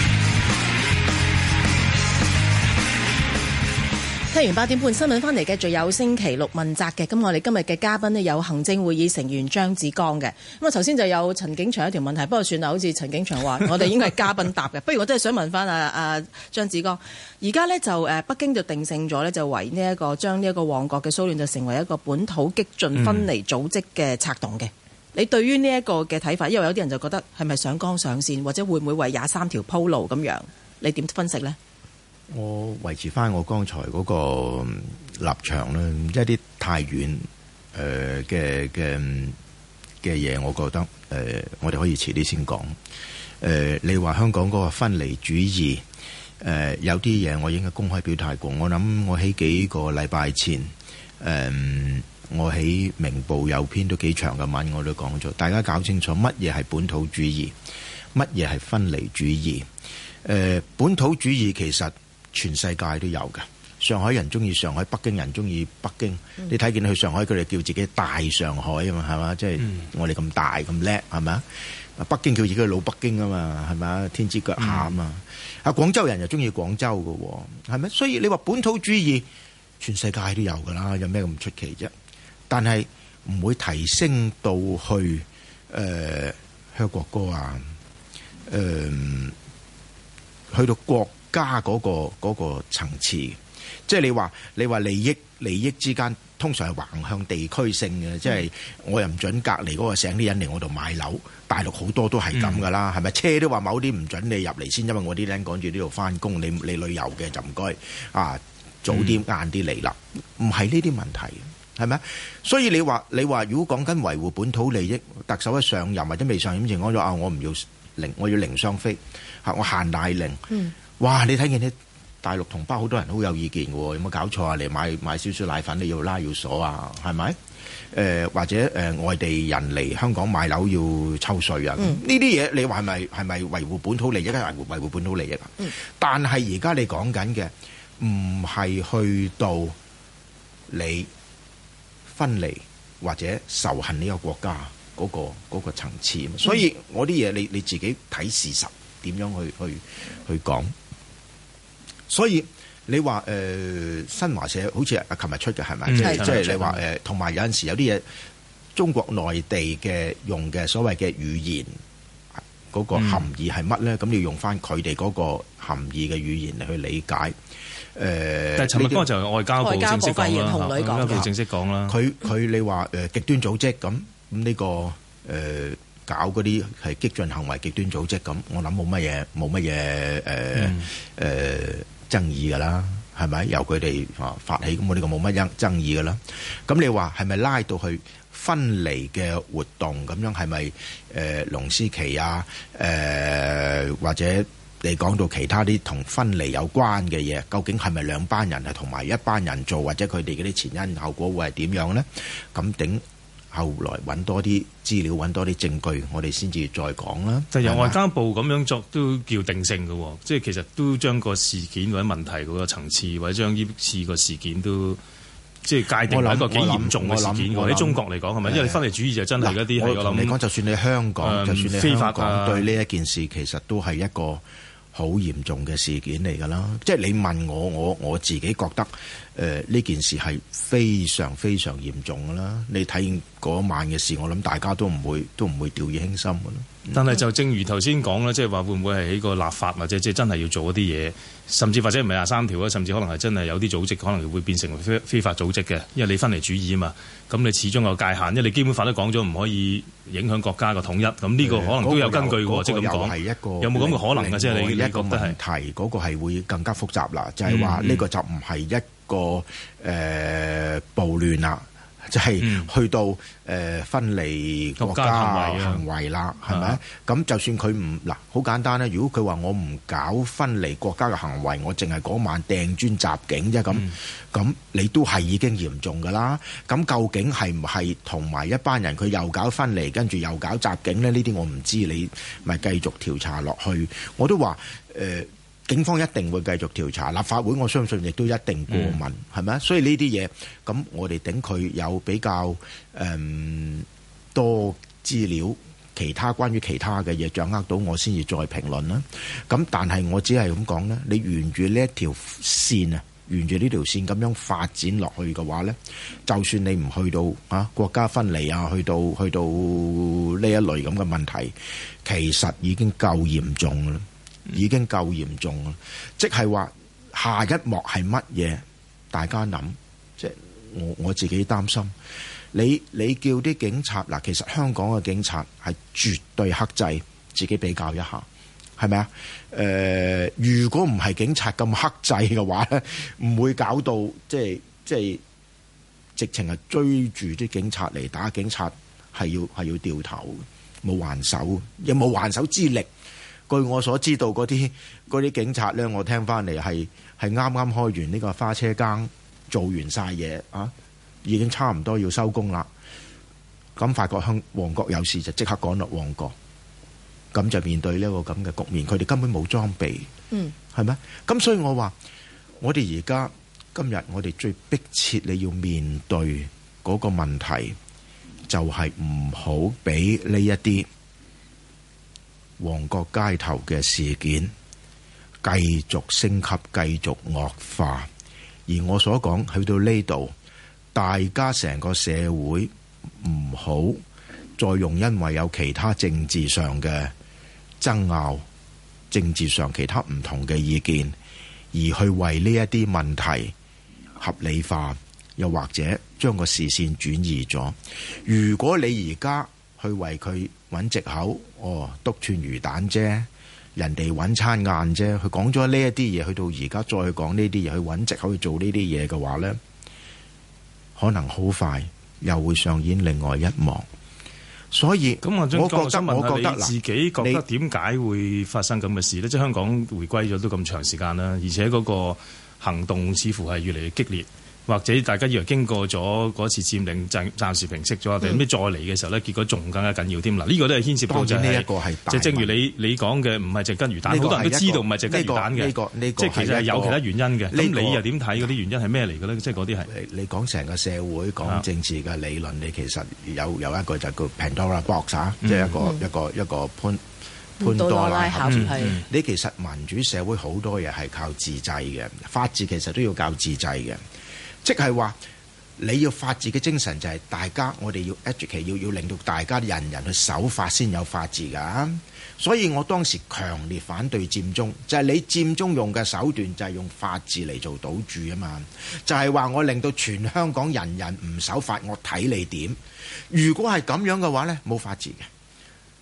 聽完八點半新聞翻嚟，嘅繼續有星期六問責嘅。咁我哋今日嘅嘉賓呢，有行政會議成員張志剛嘅。咁啊，頭先就有陳景祥一條問題，不過算啦，好似陳景祥話我哋應該係嘉賓答嘅。 不如我真係想問翻阿阿張志剛，而、啊、家、啊、呢，就誒、啊、北京就定性咗呢，就為呢、這、一個將呢一個旺角嘅騷亂就成為一個本土激進分離組織嘅策動嘅、嗯。你對於呢一個嘅睇法，因為有啲人就覺得係咪上綱上線，或者會唔會為廿三條鋪路咁樣？你點分析呢？我維持翻我剛才嗰個立場咧，一啲太遠誒嘅嘅嘅嘢，呃、我覺得誒、呃、我哋可以遲啲先講。誒、呃，你話香港嗰個分離主義誒、呃，有啲嘢我應該公開表態過。我諗我喺幾個禮拜前誒、呃，我喺明報有篇都幾長嘅文我都講咗，大家搞清楚乜嘢係本土主義，乜嘢係分離主義。誒、呃，本土主義其實，全世界都有嘅，上海人中意上海，北京人中意北京。你睇見去上海，佢哋叫自己大上海啊嘛，係嘛？即係我哋咁大咁叻係咪？北京叫自己老北京啊嘛，係咪？天子腳下啊嘛。啊，廣州人又中意廣州嘅喎，係咪？所以你話本土主義，全世界都有噶啦，有咩咁出奇啫？但係唔會提升到去誒香國歌啊，誒去到國加嗰，那個嗰，那個、層次，即係你話你話利益利益之間，通常係橫向地區性嘅。即、嗯、係、就是、我又唔準隔離嗰個省啲人嚟我度買樓，大陸好多都係咁㗎啦，係、嗯、咪車都話某啲唔準你入嚟先，因為我啲人趕住呢度返工，你你旅遊嘅就唔該啊，早啲晏啲嚟啦。唔係呢啲問題，係咪？所以你話你話，如果講緊維護本土利益，特首一上任或者未上任之前講咗啊，我唔要零，我要零雙非嚇，我限奶令。嗯哇！你睇見啲大陸同胞好多人好有意見嘅喎，有冇搞錯啊？嚟買買少少奶粉你要拉要鎖啊？係咪？誒或者誒外地人嚟香港買樓要抽稅啊？呢啲嘢你話係咪係咪維護本土利益？梗係維護本土利益啦。但係而家你講緊嘅唔係去到你分離或者仇恨呢個國家嗰個嗰個層次，所以我啲嘢你你自己睇事實點樣去去去講。所以你話誒、呃、新華社好似阿琴日出嘅係咪？即係即係你話誒，同、呃、埋有陣時有啲嘢中國內地嘅用嘅所謂嘅語言嗰、那個含義係乜咧？咁、嗯、你要用翻佢哋嗰個含義嘅語言嚟去理解誒、呃。但係陳哥就係外，外交部正式講啦，外交部正式講啦。佢、嗯、佢你話誒極端組織咁咁呢個誒、呃、搞嗰啲係激進行為極端組織咁，我諗冇乜嘢冇乜嘢誒誒。爭議嘅啦，係咪由佢哋啊發起咁？我呢個冇乜爭爭議嘅啦。咁你話係咪拉到去分離嘅活動咁樣係咪？係咪誒龍思琪啊？誒、呃、或者你講到其他啲同分離有關嘅嘢，究竟係咪兩班人啊同埋一班人做，或者佢哋嗰啲前因後果會係點樣呢？咁頂。後來揾多啲資料，揾多啲證據，我哋先至再講啦。就由外交部咁樣作，都叫定性嘅，即係其實都將個事件或者問題嗰個層次，或者將呢次個事件都即係界定喺一個幾嚴重嘅事件。喺中國嚟講係咪？因為分離主義就真係嗰啲。我諗，你講就算你香港，就算你香港對呢一件事、嗯，其實都係一個好嚴重嘅事件嚟㗎啦。即係你問我，我我自己覺得。誒、呃、呢件事係非常非常嚴重噶啦！你睇嗰晚嘅事，我諗大家都唔會都唔會掉以輕心噶啦。但係就正如頭先講啦，即係話會唔會係起個立法，或者即係真係要做一啲嘢，甚至或者唔係廿三條啊，甚至可能係真係有啲組織可能會變成非非法組織嘅，因為你分離主義啊嘛。咁你始終有界限，因為你基本法都講咗唔可以影響國家個統一。咁呢個可能都有根據喎，那個，即係咁講。那個、一個有冇咁嘅可能即係你覺得係？嗰，那個係會更加複雜啦，嗯，就係話呢個就唔係一。個誒、呃、暴亂啦，就係、是、去到誒、呃、分離國家行為啦，係、嗯、咪？咁、嗯、就算佢唔嗱，好簡單咧。如果佢話我唔搞分離國家嘅行為，我淨係嗰晚掟磚襲警啫，咁咁、嗯、你都係已經嚴重噶啦。咁究竟係唔係同埋一班人佢又搞分離，跟住又搞襲警咧？呢啲我唔知，你咪繼續調查落去。我都話誒。呃警方一定會繼續調查，立法會我相信亦都一定過問，係咪啊？所以呢啲嘢，咁我哋等佢有比較誒多資料，其他關於其他嘅嘢掌握到，我先至再評論啦。咁但係我只係咁講咧，你沿住呢一條線啊，沿住呢條線咁樣發展落去嘅話咧，就算你唔去到啊國家分離啊，去到去到呢一類咁嘅問題，其實已經夠嚴重啦。已經夠嚴重啦，即係話下一幕係乜嘢？大家諗，即係我我自己擔心。你你叫啲警察嗱，其實香港嘅警察係絕對克制，自己比較一下，係咪啊？誒，如果唔係警察咁克制嘅話咧，唔會搞到即係即係直情係追住啲警察嚟打警察，係要係要掉頭，冇還手，又冇還手之力。據我所知道嗰啲，嗰啲啲警察咧，我聽翻嚟，係係啱啱，開完呢個花車間，做完晒嘢啊，已經差唔多要收工啦。咁發覺香旺角有事，就即刻趕落旺角，咁就面對呢個咁嘅局面，佢哋根本冇裝備，嗯，係咩？咁所以我話，我哋而家今日我哋最迫切你要面對嗰個問題，就係唔好俾呢一啲。旺角街頭嘅事件繼續升級，繼續惡化，而我所講去到呢度，大家成個社會唔好再用，因為有其他政治上嘅爭拗，政治上其他唔同嘅意見，而去為呢一啲問題合理化，又或者將個視線轉移咗。如果你而家去為佢揾藉口，哦，督串魚蛋啫，人哋揾餐晏啫。佢講咗呢一啲嘢，去到而家再講呢啲嘢，去揾藉口去做呢啲嘢嘅話呢，可能好快又會上演另外一幕。所以我我、嗰個，我覺得，我覺得自己覺得點解會發生咁嘅事呢？即係香港回歸咗都咁長時間啦，而且嗰個行動似乎係越嚟越激烈。或者大家以為經過咗嗰次佔領，暫暫時平息咗，咁、嗯、啲再嚟嘅時候呢，結果仲更加緊要添啦。呢、這個都係牽涉到就係、是、即正如你你講嘅，唔係隻筋魚蛋。好、這個、多人都知道唔係隻筋魚蛋嘅、這個這個這個，即其實係有其他原因嘅。咁、這個、你又點睇嗰啲原因係咩嚟嘅呢？即係嗰啲係你你講成個社會講政治嘅理論，你其實有有一個就叫 Pandora Box、嗯個嗯、個個潘，潘多拉盒子，即係一個一個一個潘潘多拉你、嗯、其實民主社會好多嘢係靠自制嘅，法治其實都要靠自制嘅。即係話你要法治嘅精神就係大家，我哋要 educate 要要令到大家人人去守法先有法治噶，所以我當時強烈反對佔中，就係你佔中用嘅手段就係用法治嚟做賭注啊嘛，就係話我令到全香港人人唔守法，我睇你點？如果係咁樣嘅話呢，冇法治嘅，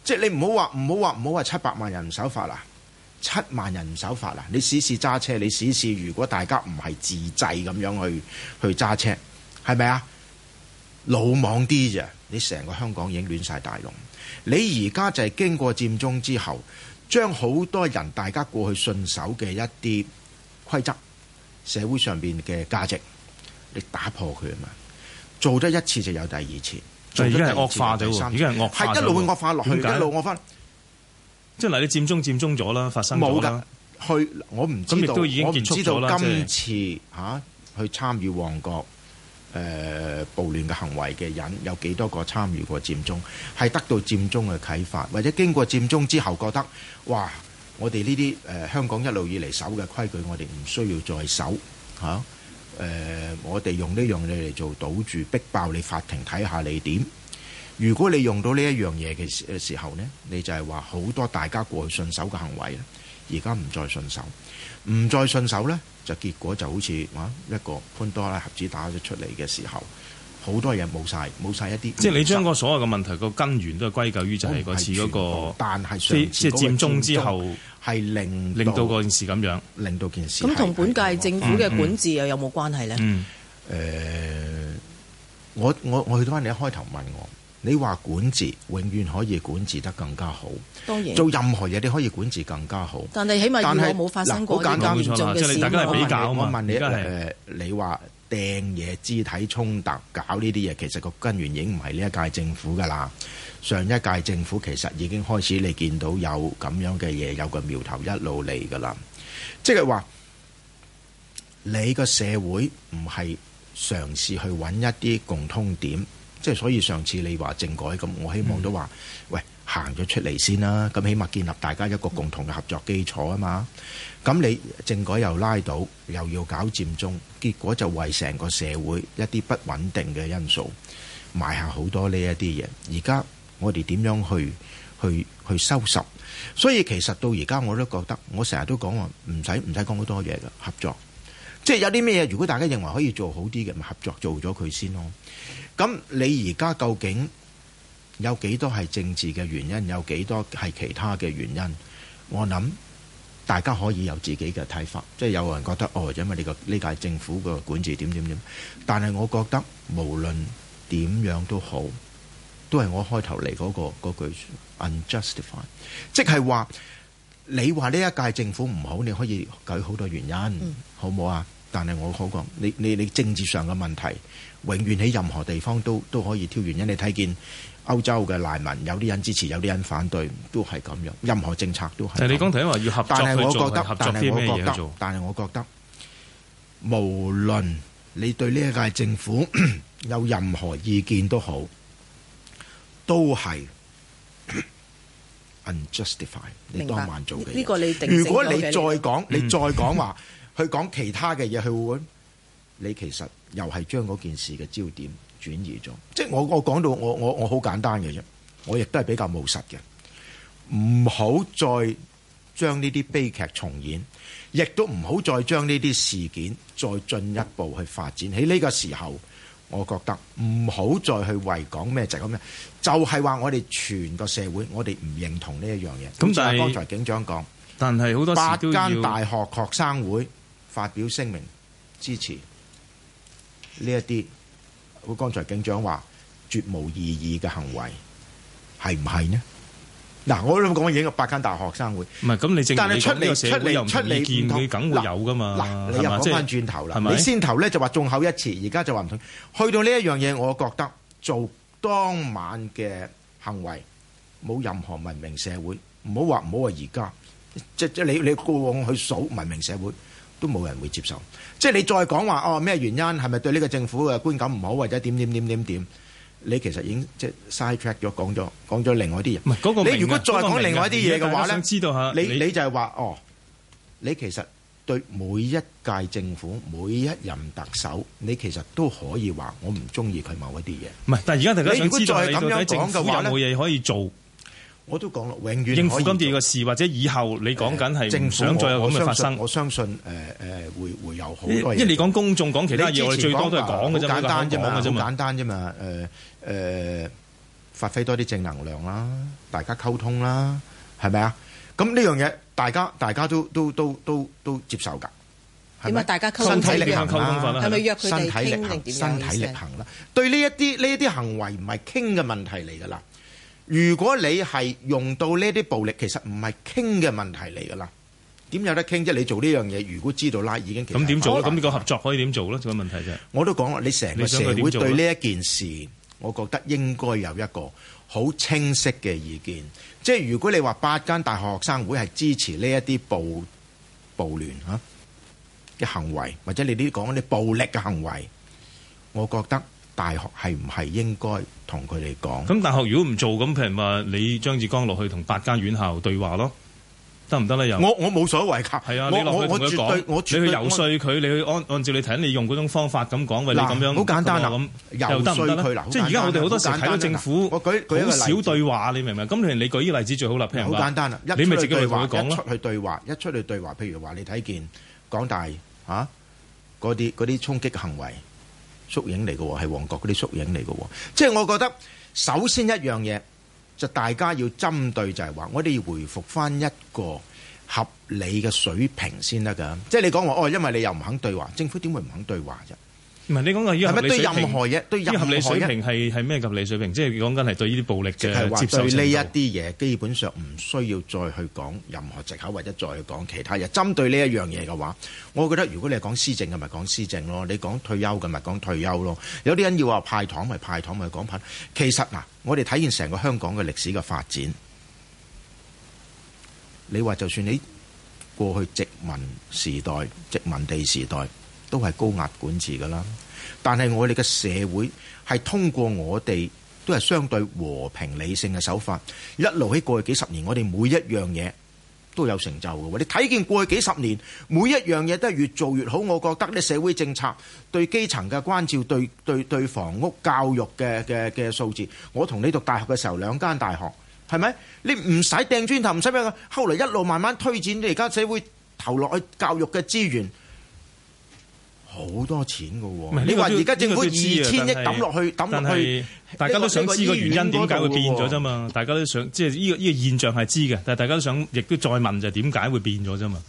即係你唔好話唔好話唔好話七百萬人唔守法啦。七萬人唔守法啊！你試試揸車，你試試如果大家唔係自制咁樣去去揸車，係咪啊？魯莽啲啫！你成個香港已經亂晒大龍。你而家就係經過佔中之後，將好多人大家過去順手嘅一啲規則、社會上邊嘅價值，你打破佢啊嘛！做咗一次就有第二次，就已經惡化咗，已經係惡化，係一路惡化落去，去，一路惡翻。即係你佔中佔中咗啦，發生咗冇噶，去我唔知道。我唔知道今次嚇、啊、去參與旺角誒、呃、暴亂嘅行為嘅人，有幾多個參與過佔中，係得到佔中嘅啟發，或者經過佔中之後覺得，哇！我哋呢啲誒香港一路以嚟守嘅規矩，我哋唔需要再守嚇。誒、呃，我哋用呢樣嘢嚟做賭注，逼爆你法庭睇下你點。如果你用到呢一樣嘢嘅時候呢，你就係話好多大家過去順手嘅行為而家唔再順手，唔再順手呢，就結果就好似哇一個潘多拉盒子打咗出嚟嘅時候，好多嘢冇晒，冇晒一啲。即係你將個所有嘅問題個根源都係歸咎於就係嗰次嗰個，即係即係佔中之後，係令令到嗰件事咁樣，令到件事咁同本屆政府嘅管治又有冇關係呢？誒、嗯嗯嗯嗯呃，我我我去翻你一開頭問我。你話管治永遠可以管治得更加好，當然做任何嘢你可以管治更加好。但係起碼，但係冇發生過好簡單嚴重嘅事。大家係比較。我問你誒、呃，你話掟嘢、肢體衝突、搞呢啲嘢，其實個根源已經唔係呢一屆政府噶啦。上一屆政府其實已經開始，你見到有咁樣嘅嘢，有個苗頭一路嚟噶啦。即係話你個社會唔係嘗試去揾一啲共通點。即係所以上次你話政改咁，我希望都話，喂，行咗出嚟先啦。咁起碼建立大家一個共同嘅合作基礎啊嘛。咁你政改又拉倒，又要搞佔中，結果就為成個社會一啲不穩定嘅因素埋下好多呢一啲嘢。而家我哋點樣去去去收拾？所以其實到而家我都覺得，我成日都講話唔使唔使講好多嘢啦，合作。即係有啲咩嘢，如果大家認為可以做好啲嘅，咪合作做咗佢先咯。咁你而家究竟有幾多係政治嘅原因，有幾多係其他嘅原因？我諗大家可以有自己嘅睇法，即係有人覺得哦，因為呢個呢屆政府個管治點點點，但係我覺得無論點樣都好，都係我開頭嚟嗰個嗰句 unjustified，即係話你話呢一屆政府唔好，你可以舉好多原因，好冇啊？但係我好講，你你你政治上嘅問題。永遠喺任何地方都都可以挑原因。你睇見歐洲嘅難民，有啲人支持，有啲人反對，都係咁樣。任何政策都係。但係你講緊話要合作去做，合作啲咩嘢做？但係我覺得，我覺得，我覺得，我覺得，無論你對呢一屆政府 有任何意見都好，都係 unjustified。你當晚做嘅、這個、如果你再講，你再講話 去講其他嘅嘢，佢會，你其實又係將嗰件事嘅焦點轉移咗，即係我我講到我我我好簡單嘅啫，我亦都係比較務實嘅，唔好再將呢啲悲劇重演，亦都唔好再將呢啲事件再進一步去發展。喺呢個時候，我覺得唔好再去為講咩就咁咩，就係話我哋全個社會，我哋唔認同呢一樣嘢。咁就係剛才警長講，但係好多八間大學學生會發表聲明支持。呢一啲，我剛才警長話絕無意義嘅行為係唔係呢？嗱，我都咁講，已經八間大學生會唔係咁，你正義嘅社會又唔見佢，梗會有㗎嘛？嗱，你又講返轉頭啦、係咪，你先頭咧就話眾口一詞，而家就話唔同。去到呢一樣嘢，我覺得做當晚嘅行為冇任何文明社會，唔好話唔好話而家，即即你你過往去數文明社會。都冇人會接受，即係你再講話哦咩原因，係咪對呢個政府嘅觀感唔好，或者點點點點點，你其實已經即係 side track 咗講咗講咗另外啲嘢。唔係嗰個明啊，另外啲嘢嘅話我想知道吓。你你就係話哦，你其實對每一屆政府每一任特首，你其實都可以話我唔中意佢某一啲嘢。唔係，但係而家你，你如果再知道你做喺政府有冇嘢可以做。我都講咯，永遠應付今次嘅事，或者以後你講緊係，正想再有咁嘅發生。我相信，誒誒、呃，會會有好多。因為你講公眾講其他嘢，我哋最多都係講嘅啫，簡單啫嘛，簡單啫嘛。誒、那、誒、個啊呃，發揮多啲正能量啦，大家溝通啦，係咪啊？咁呢樣嘢，大家大家都都都都都接受㗎。點啊？大家溝通，的溝通力行身體力行啦，係咪約佢哋傾？身體力行啦，對呢一啲呢一啲行為唔係傾嘅問題嚟㗎啦。如果你係用到呢啲暴力，其實唔係傾嘅問題嚟㗎喇，點有得傾啫？你做呢樣嘢，如果知道啦，已經其實了，咁點做咧？咁呢個合作可以點做咧？仲有問題啫？我都講，你成個社會對呢一件事，我覺得應該有一個好清晰嘅意見。即係如果你話八間大學學生會係支持呢一啲暴暴亂嚇嘅行為，或者你呢啲講嗰啲暴力嘅行為，我覺得。大學係唔係應該同佢哋講？咁大學如果唔做，咁譬如話你張志剛落去同八間院校對話咯，得唔得咧？又我我冇所謂㗎，我，我的啊我你去我，我絕對你去遊說佢，你去按按照你睇，你用嗰種方法咁講，喂，你咁樣好簡單啊，咁遊說佢嗱、啊。即係而家我哋好多時睇到政府很、啊，我舉舉一個例子，少對話，你明唔明白？咁譬如你舉呢例子最好啦，譬如好簡單啦、啊，一出對話一出去對話，一出去對，對，對話，譬如話你睇見港大啊嗰啲嗰啲衝擊行為。縮影嚟嘅喎，係旺角嗰啲縮影嚟嘅喎。即係我覺得首先一樣嘢就大家要針對就係話，我哋要回復返一個合理嘅水平先得㗎，即係你講話哦，因為你又唔肯對話，政府點會唔肯對話啫？唔係你講個依合理水平對任何嘢，對任何水平係係咩合理水平？即係講緊係對，對呢啲、就是、暴力嘅接受呢一啲嘢，基本上唔需要再去講任何藉口，或者再去講其他嘢。針對呢一樣嘢嘅話，我覺得如果你係講施政嘅，咪、就是、講施政咯；你講退休嘅，咪、就是、講退休咯。有啲人要話派糖咪、就是、派糖咪講派。其實嗱，我哋體現成個香港嘅歷史嘅發展，你話就算你過去殖民時代、殖民地時代。都係高壓管治噶啦，但係我哋嘅社會係通過我哋都係相對和平理性嘅手法，一路喺過去幾十年，我哋每一樣嘢都有成就嘅。你睇見過去幾十年，每一樣嘢都係越做越好，我覺得呢社會政策對基層嘅關照，對對對房屋教育嘅嘅嘅數字，我同你讀大學嘅時候，兩間大學，係咪？你唔使掟磚頭，唔使咩噶，後嚟一路慢慢推展，你而家社會投落去教育嘅資源。好多錢嘅喎，你話而家政府二千億抌落去，抌落去，為什麼會變了，大家都想、就是這個這個、現象是知個原因點解會變咗啫嘛？但大家都想即係呢個呢個現象係知嘅，但係大家都想亦都再問就係點解會變咗啫嘛？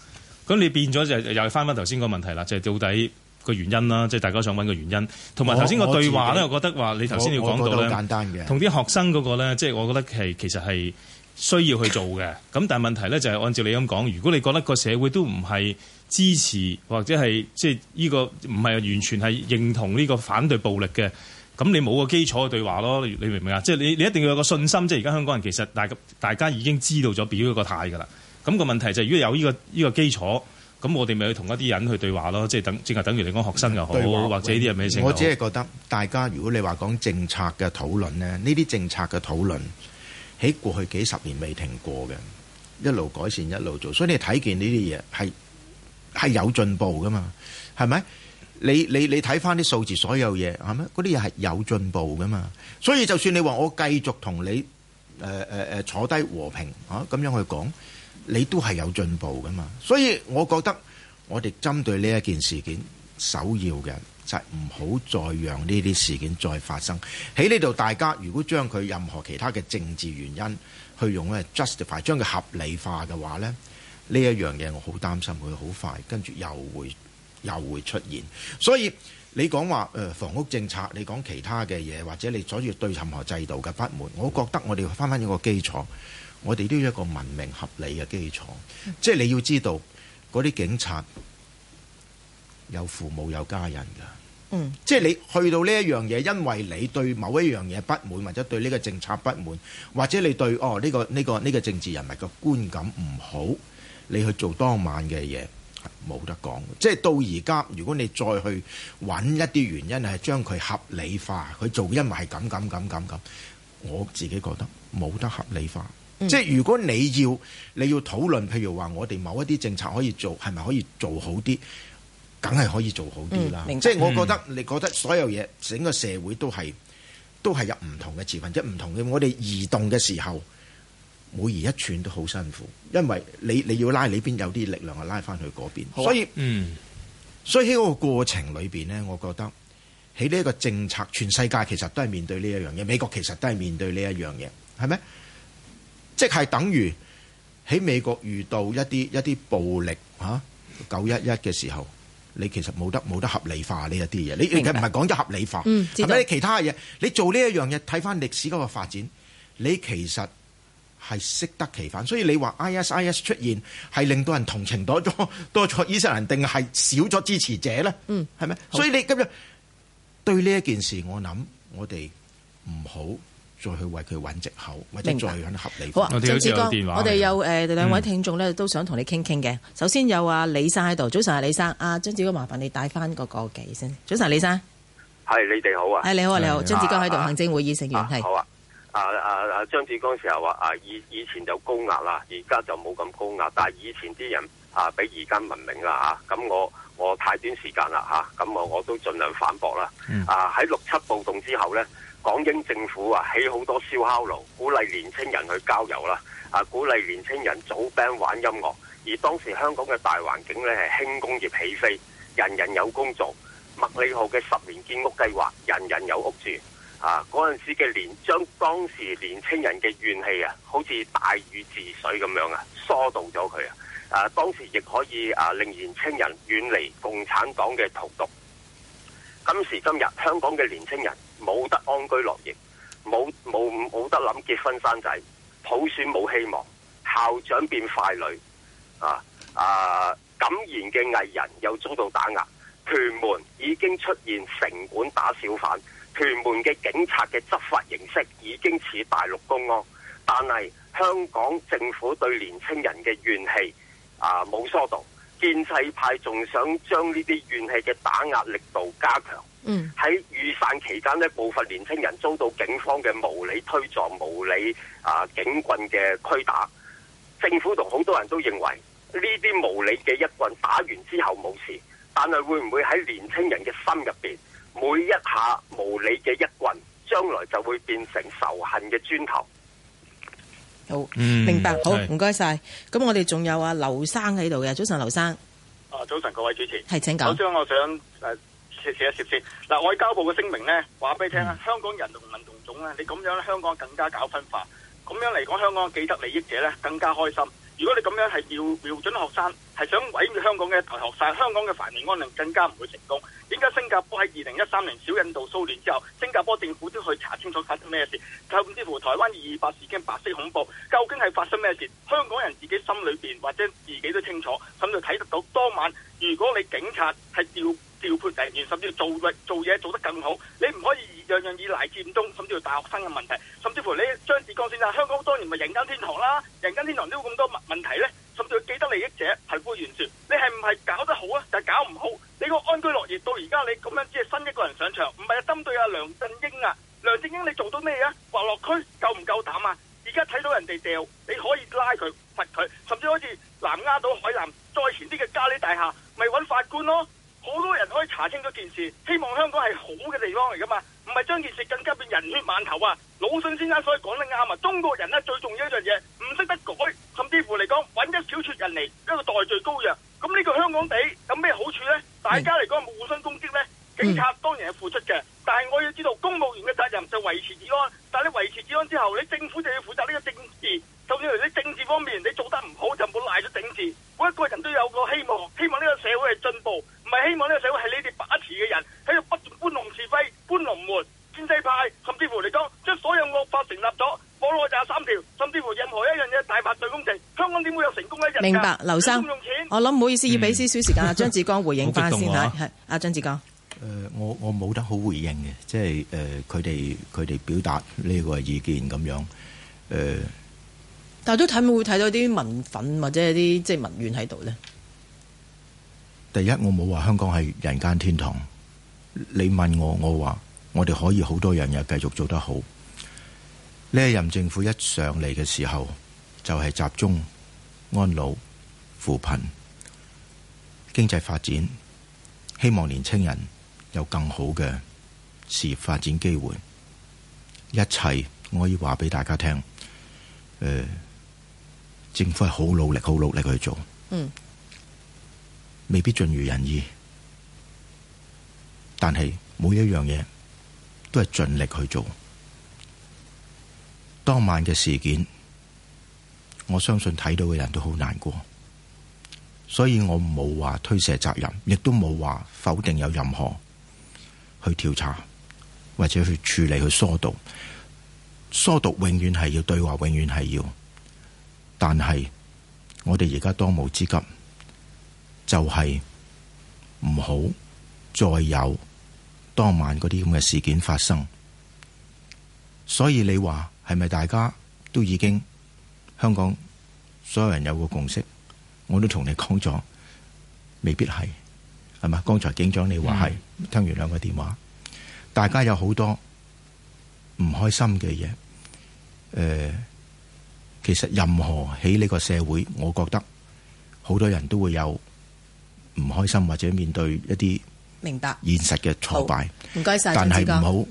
咁你變咗就是、又係翻翻頭先個問題啦，就係、是、到底個原因啦，即、就、係、是、大家想揾個原因。同埋頭先個對話咧，我覺得話你頭先要講到咧，同啲學生嗰個咧，即、就、係、是、我覺得係其實係需要去做嘅。咁 但係問題咧就係按照你咁講，如果你覺得個社會都唔係。支持或者係即係呢個唔係完全係認同呢個反對暴力嘅，咁你冇個基礎嘅對話咯。你明唔明啊？即係你你一定要有個信心。即係而家香港人其實大大家已經知道咗表咗個態㗎啦。咁個問題就係如果有呢個呢個基礎，咁我哋咪去同一啲人去對話咯。即係等即係等於你講學生又好，或者呢啲係咩？我只係覺得大家如果你話講政策嘅討論呢，呢啲政策嘅討論喺過去幾十年未停過嘅，一路改善一路做，所以你睇見呢啲嘢係。係有進步㗎嘛？係咪？你你你睇返啲數字，所有嘢係咩？嗰啲嘢係有進步㗎嘛？所以就算你話我繼續同你、呃呃、坐低和平啊咁樣去講，你都係有進步㗎嘛？所以我覺得我哋針對呢一件事件，首要嘅就係唔好再讓呢啲事件再發生喺呢度。在這裡大家如果將佢任何其他嘅政治原因去用咧 justify 將佢合理化嘅話咧。呢一樣嘢，我好擔心佢好快跟住又會又會出現。所以你講話誒，房屋政策，你講其他嘅嘢，或者你所要對任何制度嘅不滿，我覺得我哋翻翻一個基礎，我哋都要一個文明合理嘅基礎。嗯，即係你要知道，嗰啲警察有父母有家人噶，嗯，即係你去到呢一樣嘢，因為你對某一樣嘢不滿，或者對呢個政策不滿，或者你對哦呢個呢個呢個政治人物嘅觀感唔好。你去做當晚嘅嘢，冇得講。即係到而家，如果你再去揾一啲原因係將佢合理化，佢做的因為係咁咁咁咁咁。我自己覺得冇得合理化。嗯、即係如果你要你要討論，譬如話我哋某一啲政策可以做，係咪可以做好啲，梗係可以做好啲啦，嗯。即係我覺得，你覺得所有嘢整個社會都係都係有唔同嘅持份，即係唔同嘅。我哋移動嘅時候。每移一寸都好辛苦，因為你你要拉，你邊有啲力量回啊，拉翻去嗰邊，所以嗯，所以喺嗰個過程裏邊咧，我覺得喺呢一個政策，全世界其實都係面對呢一樣嘢。美國其實都係面對呢一樣嘢，係咩？即係等於喺美國遇到一啲一啲暴力吓、九一一嘅時候，你其實冇得冇得合理化呢一啲嘢。你你唔係講咗合理化，係咪啲其他嘢？你做呢一樣嘢，睇翻歷史嗰個發展，你其實。係適得其反，所以你話 ISIS 出現係令到人同情多咗，多咗伊斯蘭定係少咗支持者咧？嗯，係咪？所以你今日對呢一件事，我諗我哋唔好再去為佢揾藉口，或者再揾合理。好啊，張志剛，我哋有誒、呃、兩位聽眾咧，都想同你傾傾嘅。首先有啊李生喺度，早晨啊李生，啊張志剛，麻煩你帶翻個個幾先。早晨李生，係你哋好啊，誒你好你好，你好，張志剛喺度，行政會議成員係、啊、好啊。啊啊啊！張志剛成候話啊，以、啊、以前就高壓啦，而家就冇咁高壓。但以前啲人啊，比而家文明啦咁、啊啊、我我太短時間啦，咁我我都盡量反駁啦、嗯。啊，喺六七暴動之後呢，港英政府啊起好多燒烤爐，鼓勵年青人去郊遊啦，啊鼓勵年青人早 b 玩音樂。而當時香港嘅大環境呢，係輕工業起飛，人人有工作，物理浩嘅十年建屋計劃，人人有屋住。嗰、啊、陣時嘅年將，當時年青人嘅怨氣啊，好似大禹治水咁樣啊，疏導咗佢啊！啊，當時亦可以啊，令年青人遠離共產黨嘅荼毒。今時今日，香港嘅年青人冇得安居樂業，冇冇冇得諗結婚生仔，普選冇希望，校長變傀儡啊！啊！敢言嘅藝人又遭到打壓，屯門已經出現城管打小販。屯門嘅警察嘅執法形式已經似大陸公安，但係香港政府對年青人嘅怨氣啊冇疏導，建制派仲想將呢啲怨氣嘅打壓力度加強。嗯，喺雨傘期間呢部分年青人遭到警方嘅無理推撞、無理啊警棍嘅驅打。政府同好多人都認為呢啲無理嘅一棍打完之後冇事，但係會唔會喺年青人嘅心入邊？每一下無理嘅一棍，將來就會變成仇恨嘅磚頭。好、嗯，明白。好，唔該晒。咁我哋仲有啊，劉生喺度嘅。早晨，劉生。啊，早晨各位主持。係請講。首先我想誒説、啊、一説先。嗱、啊，外交部嘅聲明呢，話俾你聽啊、嗯，香港人同民同種同文同種咧，你咁樣香港更加搞分化。咁樣嚟講，香港嘅既得利益者咧更加開心。如果你咁樣係要瞄,瞄準學生。係想毀滅香港嘅大學生，香港嘅繁榮安定更加唔會成功。點解新加坡喺二零一三年小印度騷亂之後，新加坡政府都去查清楚發生咩事？甚至乎台灣二二八事件白色恐怖，究竟係發生咩事？香港人自己心裏面，或者自己都清楚，甚至睇得到當晚，如果你警察係調調判人員甚至做做嘢做得更好，你唔可以樣樣以賴佔中，甚至乎大學生嘅問題，甚至乎你張志剛先生，香港多年咪人間天堂啦，人間天堂都咁多問問題呢。咁就既得利益者係不完全，你係唔係搞得好啊？就係搞唔好。你個安居樂業到而家你咁樣只係新一個人上場，唔係啊，針對阿梁振英啊，梁振英你做到咩啊？話落區夠唔夠膽啊？而家睇到人哋掉，你可以拉佢罰佢，甚至好似南丫島、海南再前啲嘅嘉里大廈，咪揾法官咯。好多人可以查清咗件事，希望香港係好嘅地方嚟㗎嘛？唔係將件事更加變人血饅頭啊！魯迅先生所以講得啱啊！中國人呢最重要一樣嘢，唔識得改，甚至乎嚟講，搵一小撮人嚟一個代罪羔羊。咁呢個香港地有咩好處呢？大家嚟講冇互相攻擊呢，警察當然係付出嘅。但係我要知道公務員嘅責任就維持治安，但係你維持治安之後，你政府就要負責呢個政治。就算你政治方面你做得唔好就冇賴咗政治。每一個人都有個希望，希望呢個社會係進步。咪希望呢個社會係你哋把持嘅人喺度不斷搬弄是非、搬龍門、建制派，甚至乎嚟講將所有惡法成立咗，火爐廿三條，甚至乎任何一樣嘢大白象工程，香港點會有成功一日？明白，劉生，我諗唔好意思，要俾少少時間阿張志剛回應翻、 啊、先係阿張志剛，誒、呃，我我冇得好回應嘅，即係誒，佢哋佢哋表達呢個意見咁樣，誒、呃，但係都睇唔會睇到啲民憤或者啲即係民怨喺度呢。第一，我冇話香港係人間天堂。你問我，我話我哋可以好多樣嘢繼續做得好。呢一任政府一上嚟嘅時候，就係、是、集中安老、扶貧、經濟發展，希望年青人有更好嘅事業發展機會。一切，我可以話俾大家聽，呃，政府係好努力、好努力去做。嗯。未必盡如人意，但係每一樣嘢都係盡力去做。當晚嘅事件，我相信睇到嘅人都好難過，所以我冇話推卸責任，亦都冇話否定有任何去調查或者去處理去疏導。疏導永遠係要對話，永遠係要，但係我哋而家當務之急。就係唔好再有當晚嗰啲咁嘅事件發生，所以你話係咪大家都已經香港所有人有個共識？我都同你講咗，未必係，係嘛？剛才警長你話係，嗯、聽完兩個電話，大家有好多唔開心嘅嘢。誒、呃，其實任何喺呢個社會，我覺得好多人都會有。唔開心或者面對一啲現實嘅挫敗，但係唔好。